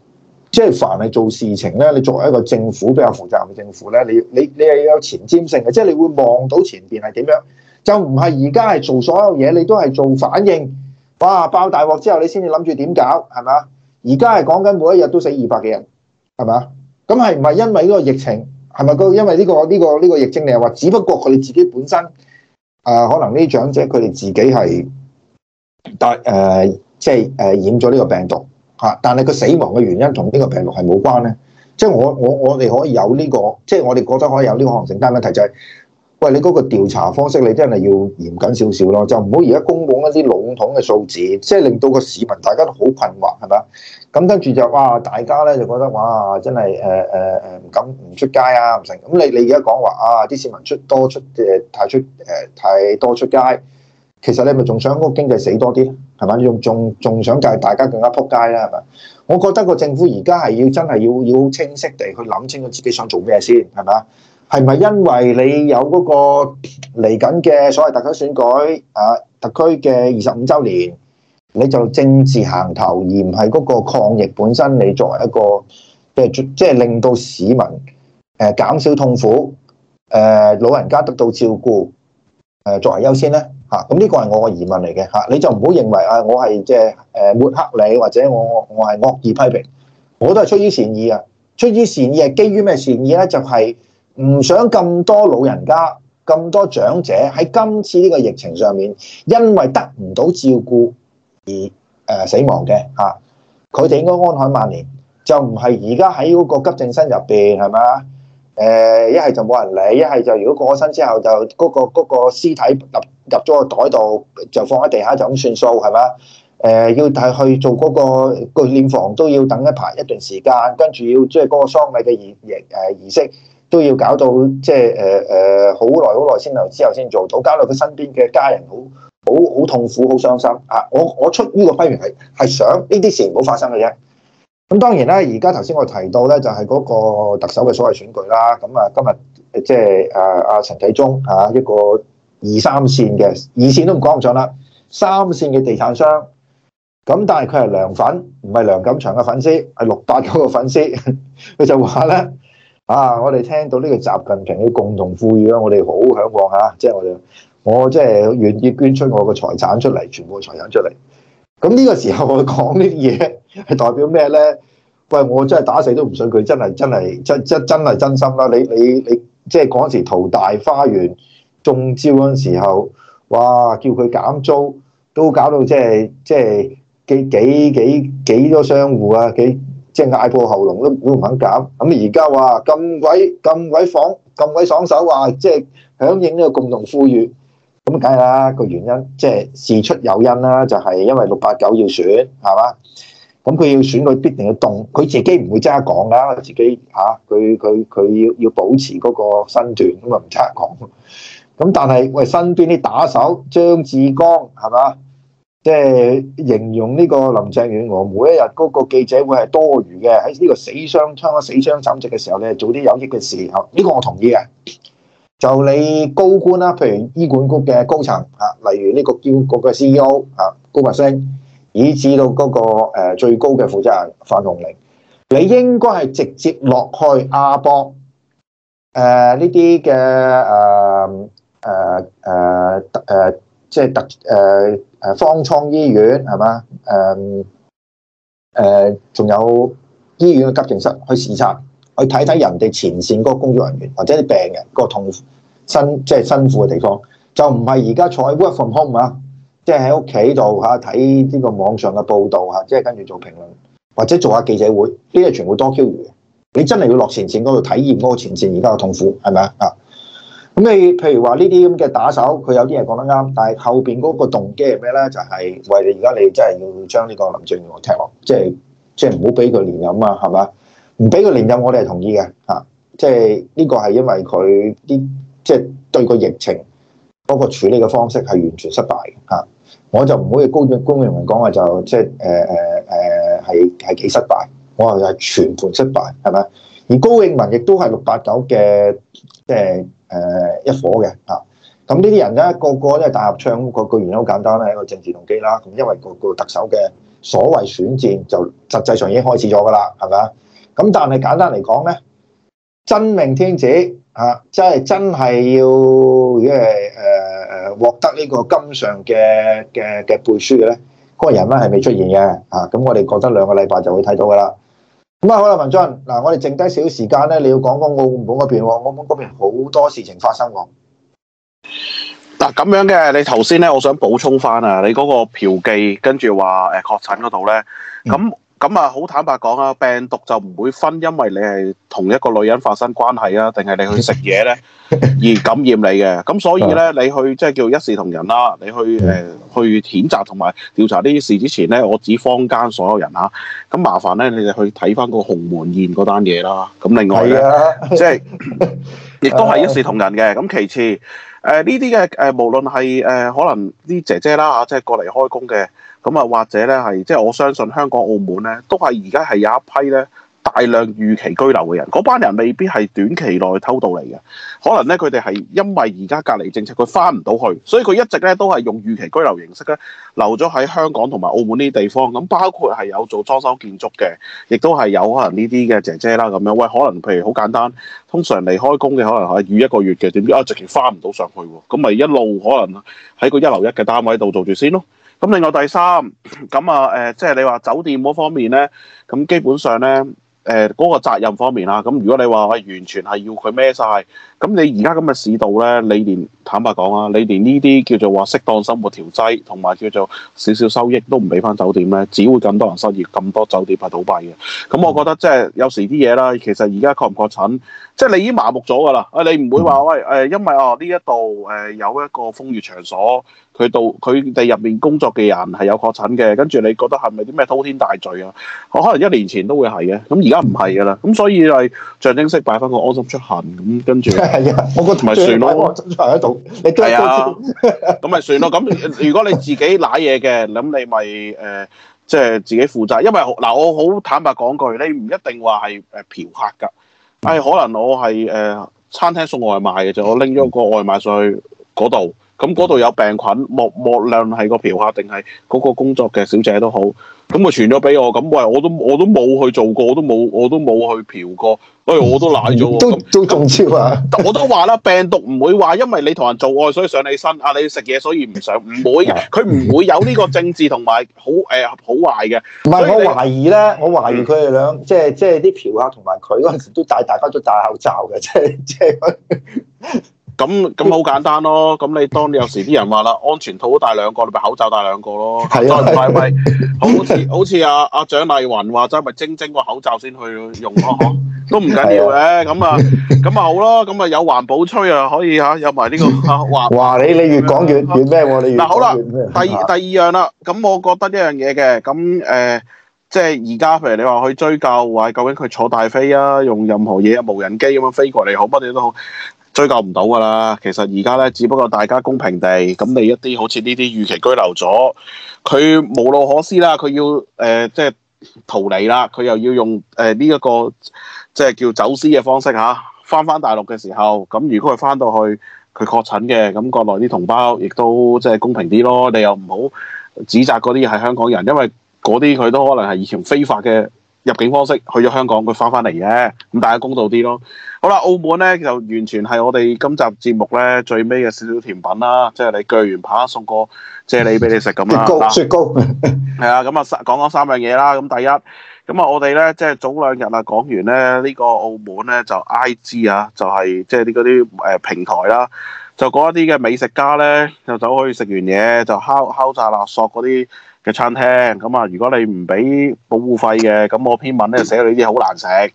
即係凡係做事情咧，你作為一個政府比較負責任嘅政府咧，你你你係要有前瞻性嘅，即、就、係、是、你會望到前邊係點樣，就唔係而家係做所有嘢，你都係做反應。哇！爆大鑊之後，你先至諗住點搞，係咪啊？而家係講緊每一日都死二百幾人，係咪啊？咁係唔係因為呢個疫情？係咪因為呢個呢個呢個疫情？你係話，只不過佢哋自己本身啊，呃，可能呢啲長者佢哋自己係，但誒即係誒染咗呢個病毒嚇，啊，但係佢死亡嘅原因同呢個病毒係冇關咧。即係我我我哋可以有呢個，即係我哋覺得可以有呢個可能性，但係問題就係。餵！喂，你嗰個調查方式，你真係要嚴謹少少咯，就唔好而家公佈一啲籠統嘅數字，即係令到個市民大家都好困惑，係咪？咁跟住就哇，大家咧就覺得哇，真係誒誒誒唔敢唔出街啊，唔成咁你你而家講話啊，啲市民出多出誒太出誒太多出街，其實你咪仲想嗰個經濟死多啲，係咪？仲仲仲想計大家更加撲街啦，係咪？我覺得個政府而家係要真係要要清晰地去諗清楚自己想做咩先，係咪啊？係咪因為你有嗰個嚟緊嘅所謂特區選舉啊，特區嘅二十五週年，你就政治行頭而唔係嗰個抗疫本身？你作為一個即係、即係即係、令到市民誒、呃、減少痛苦誒、呃，老人家得到照顧誒、呃，作為優先呢？嚇咁呢個係我嘅疑問嚟嘅嚇。你就唔好認為啊、哎，我係即係誒抹黑你，或者我我係惡意批評，我都係出於善意啊。出於善意係基於咩善意呢？就係、係。唔想咁多老人家，咁多長者喺今次呢個疫情上面，因為得唔到照顧而誒死亡嘅話。佢、啊、哋應該安享晚年，就唔係而家喺嗰個急症室入邊。係咪誒，一係就冇人理，一係就如果過咗身之後，就嗰、那個嗰、那個屍體入入咗個袋度，就放喺地下就咁算數。係咪誒，要帶去做嗰、那個殮房都要等一排一段時間，跟住要即係嗰個喪禮嘅儀儀誒儀式。都要搞到即係誒誒，好耐好耐先啊，之後先做到，搞到佢身邊嘅家人好好好痛苦，好傷心啊！我我出呢個批評係係想呢啲事唔好發生嘅啫。咁當然啦，而家頭先我提到咧，就係嗰個特首嘅所謂選舉啦。咁啊、就是，今日即係啊啊陳啟宗嚇一個二三線嘅二線都唔講唔上啦，三線嘅地產商。咁但係佢係梁粉，唔係梁錦祥嘅粉絲，係六八九嗰個粉絲，佢 就話咧。啊！我哋聽到呢個習近平嘅共同富裕啊，我哋好向往啊！即係我哋，我即係願意捐出我個財產出嚟，全部財產出嚟。咁呢個時候我講呢啲嘢，係 代表咩咧？喂，我真係打死都唔信佢真係真係真真真係真心啦！你你你，即係嗰時淘大花園中招嗰陣時候，哇！叫佢減租都搞到即係即係幾幾幾幾多商戶啊，幾？即係嗌破喉嚨都都唔肯搞。咁而家話咁鬼咁鬼爽咁鬼爽手啊！即係響應呢個共同富裕，咁梗係啦，個原因，即係事出有因啦，就係因為六八九要選係嘛，咁佢要選，佢必定要動，佢自己唔會即刻講㗎，自己嚇，佢佢佢要要保持嗰個身段，咁啊唔即刻講。咁但係我哋身邊啲打手張志剛係嘛？即係形容呢個林鄭月娥每一日嗰個記者會係多餘嘅，喺呢個死傷慘啊，死傷枕藉嘅時候咧，做啲有益嘅事，嚇、這、呢個我同意嘅。就你高官啦，譬如醫管局嘅高層嚇、啊，例如呢個醫管局嘅 CEO 嚇、啊、高拔陞，以至到嗰、那個、呃、最高嘅負責人范鴻齡，你應該係直接落去亞博誒呢啲嘅誒誒誒誒。呃即係特誒誒方艙醫院係嘛誒誒，仲、呃呃、有醫院嘅急症室去視察，去睇睇人哋前線嗰個工作人員或者啲病人、嗰個痛苦身，即、就、係、是、辛苦嘅地方，就唔係而家坐喺 work from home 啊，即係喺屋企度嚇睇呢個網上嘅報道嚇，即、就、係、是、跟住做評論或者做下記者會，呢啲全部多 Q 餘嘅，你真係要落前線嗰度體驗嗰個前線而家嘅痛苦係咪啊？咁你譬如話呢啲咁嘅打手，佢有啲嘢講得啱，但係後邊嗰個動機係咩咧？就係喂，你而家你真係要將呢個林鄭月娥踢落，即係即係唔好俾佢連任啊，係嘛？唔俾佢連任，我哋係同意嘅嚇。即係呢個係因為佢啲即係對個疫情嗰個處理嘅方式係完全失敗嘅嚇。我就唔可以高高永文嚟講話就即係誒誒誒係係幾失敗，我係係全盤失敗，係咪？而高永文亦都係六八九嘅即係。呃誒一伙嘅嚇，咁、啊、呢啲人咧個個都係大合唱，個個原因好簡單咧，係一個政治動機啦。咁因為個個特首嘅所謂選戰，就實際上已經開始咗噶啦，係咪啊？咁但係簡單嚟講咧，真命天子嚇，即係真係要即係誒誒獲得呢個今上嘅嘅嘅背書嘅咧，嗰、那個人咧係未出現嘅嚇，咁、啊、我哋覺得兩個禮拜就會睇到噶啦。咁啊，好啦，文進，嗱，我哋剩低少少時間咧，你要講講澳門嗰邊，澳門嗰邊好多事情發生個。嗱，咁樣嘅，你頭先咧，我想補充翻啊，你嗰個嫖妓跟住話誒，確診嗰度咧，咁。咁啊，好坦白講啊，病毒就唔會分，因為你係同一個女人發生關係啊，定係你去食嘢咧而感染你嘅。咁所以咧， 你去即係叫一視同仁啦。你去誒去譴責同埋調查呢啲事之前咧，我指坊間所有人嚇。咁、啊、麻煩咧，你哋去睇翻個鴻門宴嗰單嘢啦。咁另外咧， 即係亦都係一視同仁嘅。咁其次，誒呢啲嘅誒，無論係誒、呃、可能啲姐姐啦嚇、啊，即係過嚟開工嘅。咁啊，或者咧係即係我相信香港、澳門咧，都係而家係有一批咧大量預期居留嘅人。嗰班人未必係短期內偷渡嚟嘅，可能咧佢哋係因為而家隔離政策佢翻唔到去，所以佢一直咧都係用預期居留形式咧留咗喺香港同埋澳門呢啲地方。咁包括係有做裝修建築嘅，亦都係有可能呢啲嘅姐姐啦咁樣。喂，可能譬如好簡單，通常嚟開工嘅可能係預一個月嘅，點知啊直情翻唔到上去喎，咁咪一路可能喺個一樓一嘅單位度做住先咯。咁另外第三，咁啊誒，即係你話酒店嗰方面咧，咁基本上咧誒嗰個責任方面啦，咁、啊、如果你話係、哎、完全係要佢孭晒，咁、啊、你而家咁嘅市道咧，你連坦白講啊，你連呢啲叫做話適當生活調劑同埋叫做少少收益都唔俾翻酒店咧，只會咁多人失業，咁多酒店係倒閉嘅。咁我覺得即係有時啲嘢啦，其實而家確唔確診，即係你已經麻木咗㗎啦，你唔會話喂誒，因為哦呢一度誒有一個風月場所。佢到佢哋入面工作嘅人係有確診嘅，跟住你覺得係咪啲咩滔天大罪啊？我可能一年前都會係嘅，咁而家唔係噶啦，咁所以就象徵式擺翻個安心出行咁，跟住我覺得同埋算咯，安心出行一種，係啊，咁咪算咯。咁如果你自己攋嘢嘅，咁你咪誒即係自己負責，因為嗱、呃、我好坦白講句，你唔一定話係誒嫖客㗎，係可能我係誒、呃、餐廳送外賣嘅就我拎咗個外賣上去嗰度。咁嗰度有病菌，莫莫論係個嫖客定係嗰個工作嘅小姐都好，咁、嗯、佢傳咗俾我，咁、嗯、喂，我都我都冇去做過，我都冇我都冇去嫖過，哎，我都懶咗、嗯、都樣都，都中招啊、嗯！我都話啦，病毒唔會話，因為你同人做愛所以上你身，啊，你食嘢所以唔上，唔會，佢唔會有呢個政治同埋好誒好壞嘅。唔係，我懷疑咧，嗯、我懷疑佢哋兩即係即係啲嫖客同埋佢嗰陣時都戴，大家都戴口罩嘅，即係即係。即係即係即係即係 咁咁好簡單咯，咁你當你有時啲人話啦，安全套都戴兩個，你咪口罩戴兩個咯。係啊，係咪、啊、好似好似阿阿蔣麗芸話齋，咪蒸蒸個口罩先去用咯，都唔緊要嘅。咁啊，咁啊、欸、好咯，咁啊有環保吹啊，可以嚇、啊、有埋、這、呢個。話、啊、話、啊、你你越講越遠咩喎？你越講、啊啊啊、越遠？嗱、啊，好啦，第第二樣啦、啊，咁我覺得一樣嘢嘅，咁誒、呃，即係而家譬如你話去追究話，究竟佢坐大飛啊，用任何嘢啊，無人機咁樣飛過嚟，好乜嘢都好。追究唔到㗎啦，其實而家咧，只不過大家公平地咁，你一啲好似呢啲逾期居留咗，佢無路可施啦，佢要誒、呃、即係逃離啦，佢又要用誒呢一個即係叫走私嘅方式返翻返大陸嘅時候，咁如果佢翻到去佢確診嘅，咁國內啲同胞亦都即係公平啲咯，你又唔好指責嗰啲係香港人，因為嗰啲佢都可能係以前非法嘅。入境方式去咗香港，佢返返嚟嘅，咁大家公道啲咯。好啦，澳門咧就完全係我哋今集節目咧最尾嘅少少甜品啦，即係你鋸完扒送個啫喱俾你食咁啦。雪糕，嗯、雪糕，係啊，咁啊三講咗三樣嘢啦。咁第一，咁啊我哋咧即係早兩日啊講完咧呢個澳門咧就 I G 啊，就係即係啲嗰啲誒平台啦，就嗰一啲嘅美食家咧，就走去食完嘢就敲敲詐勒索嗰啲嘅餐廳咁啊、嗯！如果你唔俾保護費嘅，咁、嗯、我篇文咧寫你啲好難食。咁、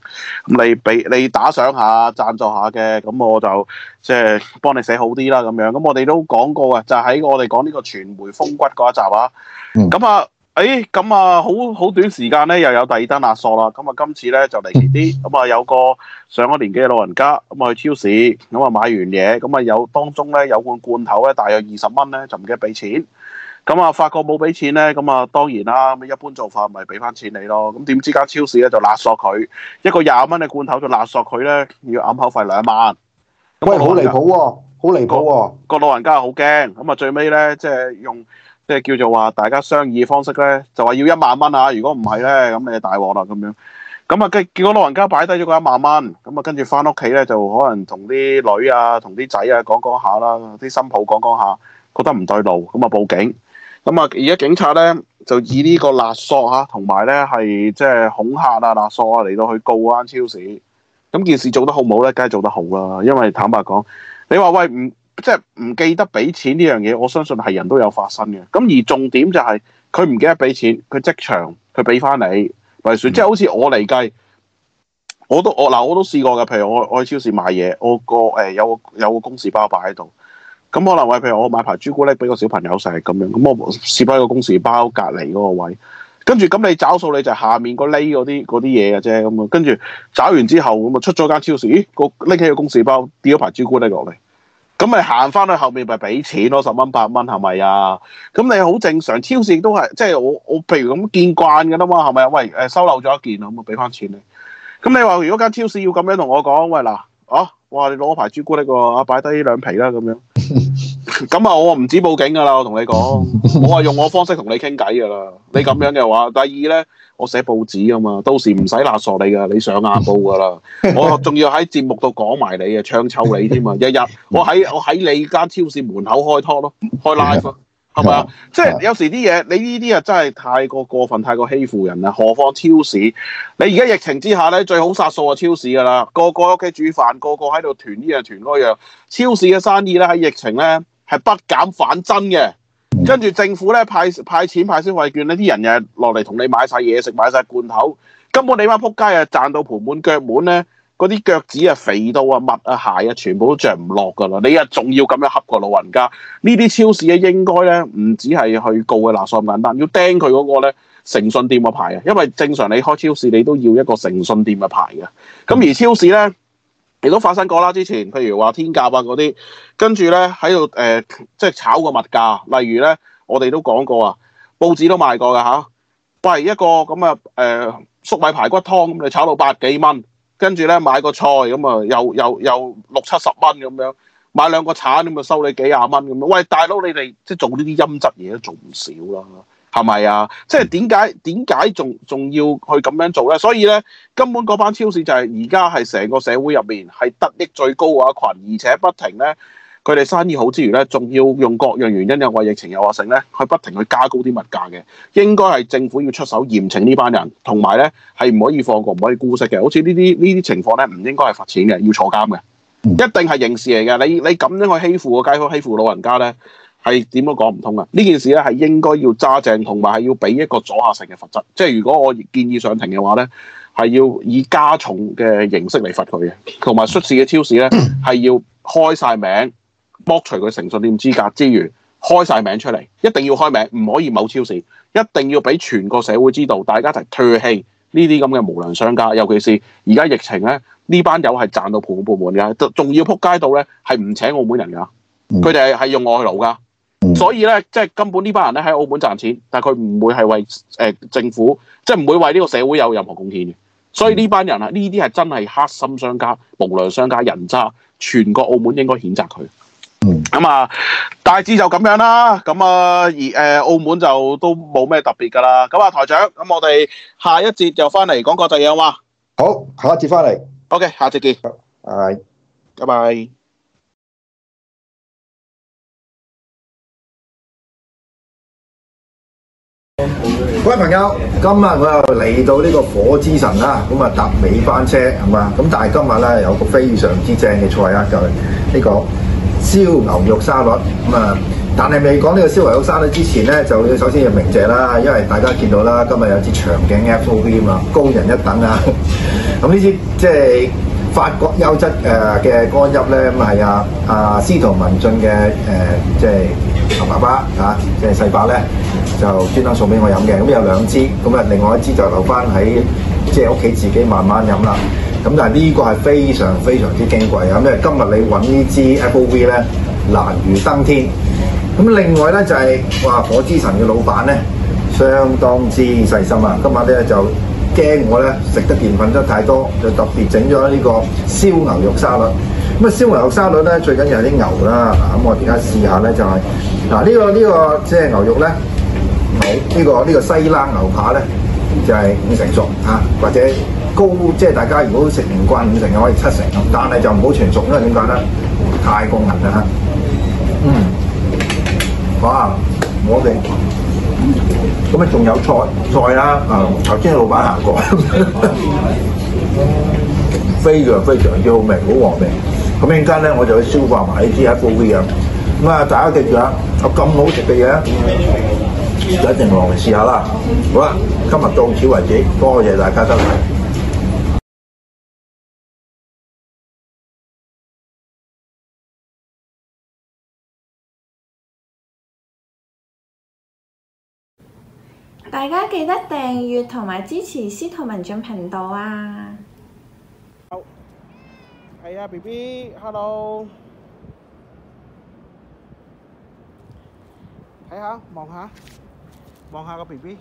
嗯、你俾你打賞下、贊助下嘅，咁、嗯、我就即係、呃、幫你寫好啲啦。咁樣，咁、嗯、我哋都講過啊，就喺、是、我哋講呢個傳媒風骨嗰一集啊。咁、嗯、啊，誒、欸，咁啊，好好短時間咧，又有第二單勒索啦。咁、嗯、啊，今次咧就離奇啲。咁、嗯、啊，有個上咗年紀嘅老人家，咁、嗯、啊去超市，咁、嗯、啊買完嘢，咁、嗯、啊有當中咧有罐罐頭咧，大約二十蚊咧，就唔記得俾錢。咁啊，發覺冇俾錢咧，咁啊當然啦，咁一般做法咪俾翻錢你咯。咁點知間超市咧就勒索佢一個廿蚊嘅罐頭就勒索佢咧，要揞口費兩萬，咁好離譜喎，好離譜喎！個老人家好驚，咁啊，啊最尾咧即係用即係叫做話大家商議方式咧，就話要一萬蚊啊！如果唔係咧，咁你大鑊啦咁樣。咁啊跟結果老人家擺低咗個一萬蚊，咁啊跟住翻屋企咧就可能同啲女啊、同啲仔啊講講下啦，啲新抱講講下，覺得唔對路，咁啊報警。咁啊，而家警察咧就以呢個勒索嚇、啊，同埋咧係即係恐嚇啊、勒索啊嚟到去告嗰間超市。咁件事做得好唔好咧？梗係做得好啦，因為坦白講，你話喂唔即係唔記得俾錢呢樣嘢，我相信係人都有發生嘅。咁而重點就係佢唔記得俾錢，佢即場佢俾翻你，例、嗯、算即係好似我嚟計，我都我嗱我都試過嘅。譬如我我去超市買嘢，我個誒、呃、有個有個，有個公事包擺喺度。咁、嗯、可能喂，譬如我買排朱古力俾個小朋友食咁樣，咁我試翻個公事包隔離嗰個位，跟住咁你找數，你就下面個 l 嗰啲啲嘢嘅啫，咁啊，跟住找完之後，咁啊出咗間超市，咦，個拎起個公事包，掉咗排朱古力落嚟，咁咪行翻去後面咪俾錢咯，十蚊八蚊係咪啊？咁你好正常，超市都係即係我我譬如咁見慣㗎啦嘛，係咪啊？喂，誒收漏咗一件啊，咁啊俾翻錢你。咁你話如果間超市要咁樣同我講，喂嗱？啊！哇！你攞嗰排朱古力喎，啊，擺低呢兩皮啦咁樣。咁啊，我唔止報警噶啦，我同你講，我係用我方式同你傾偈噶啦。你咁樣嘅話，第二咧，我寫報紙啊嘛，到時唔使勒索你噶，你上啊報噶啦。 我仲要喺節目度講埋你啊，唱臭你添啊！日日我喺我喺你間超市門口開拖咯，開 live 咯、啊。係嘛？ 即係有時啲嘢，你呢啲啊真係太過過分，太過欺負人啦。何況超市？你而家疫情之下咧，最好殺數啊！超市㗎喇，個個屋企煮飯，個個喺度囤呢樣囤嗰樣。超市嘅生意咧喺疫情咧係不減反增嘅。跟住政府咧派派錢派消費券呢啲人又落嚟同你買晒嘢食，買晒罐頭，根本你媽仆街啊！賺到盆滿腳滿咧～嗰啲腳趾啊，肥到啊襪啊鞋啊全部都着唔落噶啦！你啊仲要咁樣恰個老人家？呢啲超市咧應該咧唔止係去告嘅垃圾咁簡單，要釘佢嗰個咧誠信店嘅牌啊！因為正常你開超市你都要一個誠信店嘅牌嘅。咁而超市咧亦都發生過啦，之前譬如話天價啊嗰啲，跟住咧喺度誒即係炒個物價，例如咧我哋都講過啊，報紙都賣過嘅嚇、啊。喂，一個咁啊誒粟米排骨湯咁，你炒到百幾蚊？跟住咧買個菜咁啊，又又又六七十蚊咁樣，買兩個橙咁啊收你幾廿蚊咁樣。喂，大佬你哋即係做呢啲陰質嘢都做唔少啦，係咪啊？即係點解點解仲仲要去咁樣做咧？所以咧根本嗰班超市就係而家係成個社會入面係得益最高嘅一群，而且不停咧。佢哋生意好之餘咧，仲要用各樣原因又話疫情又話成咧，去不停去加高啲物價嘅，應該係政府要出手嚴懲呢班人，同埋咧係唔可以放過，唔可以姑息嘅。好似呢啲呢啲情況咧，唔應該係罰錢嘅，要坐監嘅，一定係刑事嚟嘅。你你咁樣去欺負個街坊，欺負老人家咧，係點都講唔通啊？呢件事咧係應該要揸正，同埋係要俾一個阻嚇性嘅罰則。即係如果我建議上庭嘅話咧，係要以加重嘅形式嚟罰佢嘅，同埋出事嘅超市咧係要開晒名。剝除佢誠信店資格之餘，開晒名出嚟，一定要開名，唔可以某超市，一定要俾全個社會知道，大家一齊唾棄呢啲咁嘅無良商家。尤其是而家疫情咧，呢班友係賺到盤滿缽滿嘅，仲要撲街到咧係唔請澳門人噶，佢哋係用外勞噶，所以咧即係根本呢班人咧喺澳門賺錢，但係佢唔會係為誒政府，即係唔會為呢個社會有任何貢獻嘅。所以呢班人啊，呢啲係真係黑心商家、無良商家、人渣，全個澳門應該譴責佢。咁啊、嗯，大致就咁樣啦。咁啊，而誒、呃、澳門就都冇咩特別噶啦。咁啊，台長，咁我哋下一節就翻嚟講國際嘢啦。好，好，下一節翻嚟。OK，下次見。拜拜 Bye. bye。各位朋友，今日我又嚟到呢個火之神啦。咁啊，搭尾班車係嘛。咁但係今日咧有個非常之正嘅菜啊，就呢、係呢個。燒牛肉沙律咁啊、嗯！但係未講呢個燒牛肉沙律之前咧，就要首先要鳴謝啦，因為大家見到啦，今日有支長頸 FOV 啊嘛，高人一等啊！咁、嗯、呢支即係法國優質誒嘅、呃、乾邑咧，咁係啊啊司徒文進嘅誒、呃，即係阿爸爸嚇、啊，即係細伯咧，就專登送俾我飲嘅，咁、嗯、有兩支，咁、嗯、啊另外一支就留翻喺即係屋企自己慢慢飲啦。咁但係呢個係非常非常之矜貴啊！因為今日你揾呢支 Apple V 咧難如登天。咁另外咧就係、是、話火之神嘅老闆咧相當之細心啊！今晚咧就驚我咧食得澱粉質太多，就特別整咗呢個燒牛肉沙律。咁啊，燒牛肉沙律咧最緊要係啲牛啦。咁、啊、我而家試下咧就係、是、嗱，呢、啊呢個呢、呢個即係、就是、牛肉咧，好呢、呢個呢、呢個西冷牛扒咧就係五成熟啊，或者。高即係大家，如果食唔慣五成，可以七成，但係就唔好全熟，因為點解咧？太過硬啦！嚇，嗯，哇！我哋咁啊，仲有菜菜啦。啊，頭先老闆行過，非常非常之好味，好和味。咁一陣間咧，我就去消化埋，試下副樣咁啊！大家記住啊，有咁好食嘅嘢，大家一定落嚟試下啦。好啦，今日到此為止，多謝大家收睇。大家記得訂閱同埋支持司徒文進頻道啊！好，係啊，B B，hello，睇下望下望下個 B B，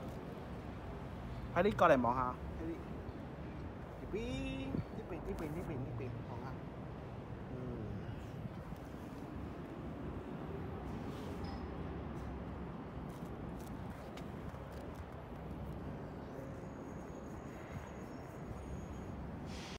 快啲過嚟望下，B B，呢邊呢邊呢邊。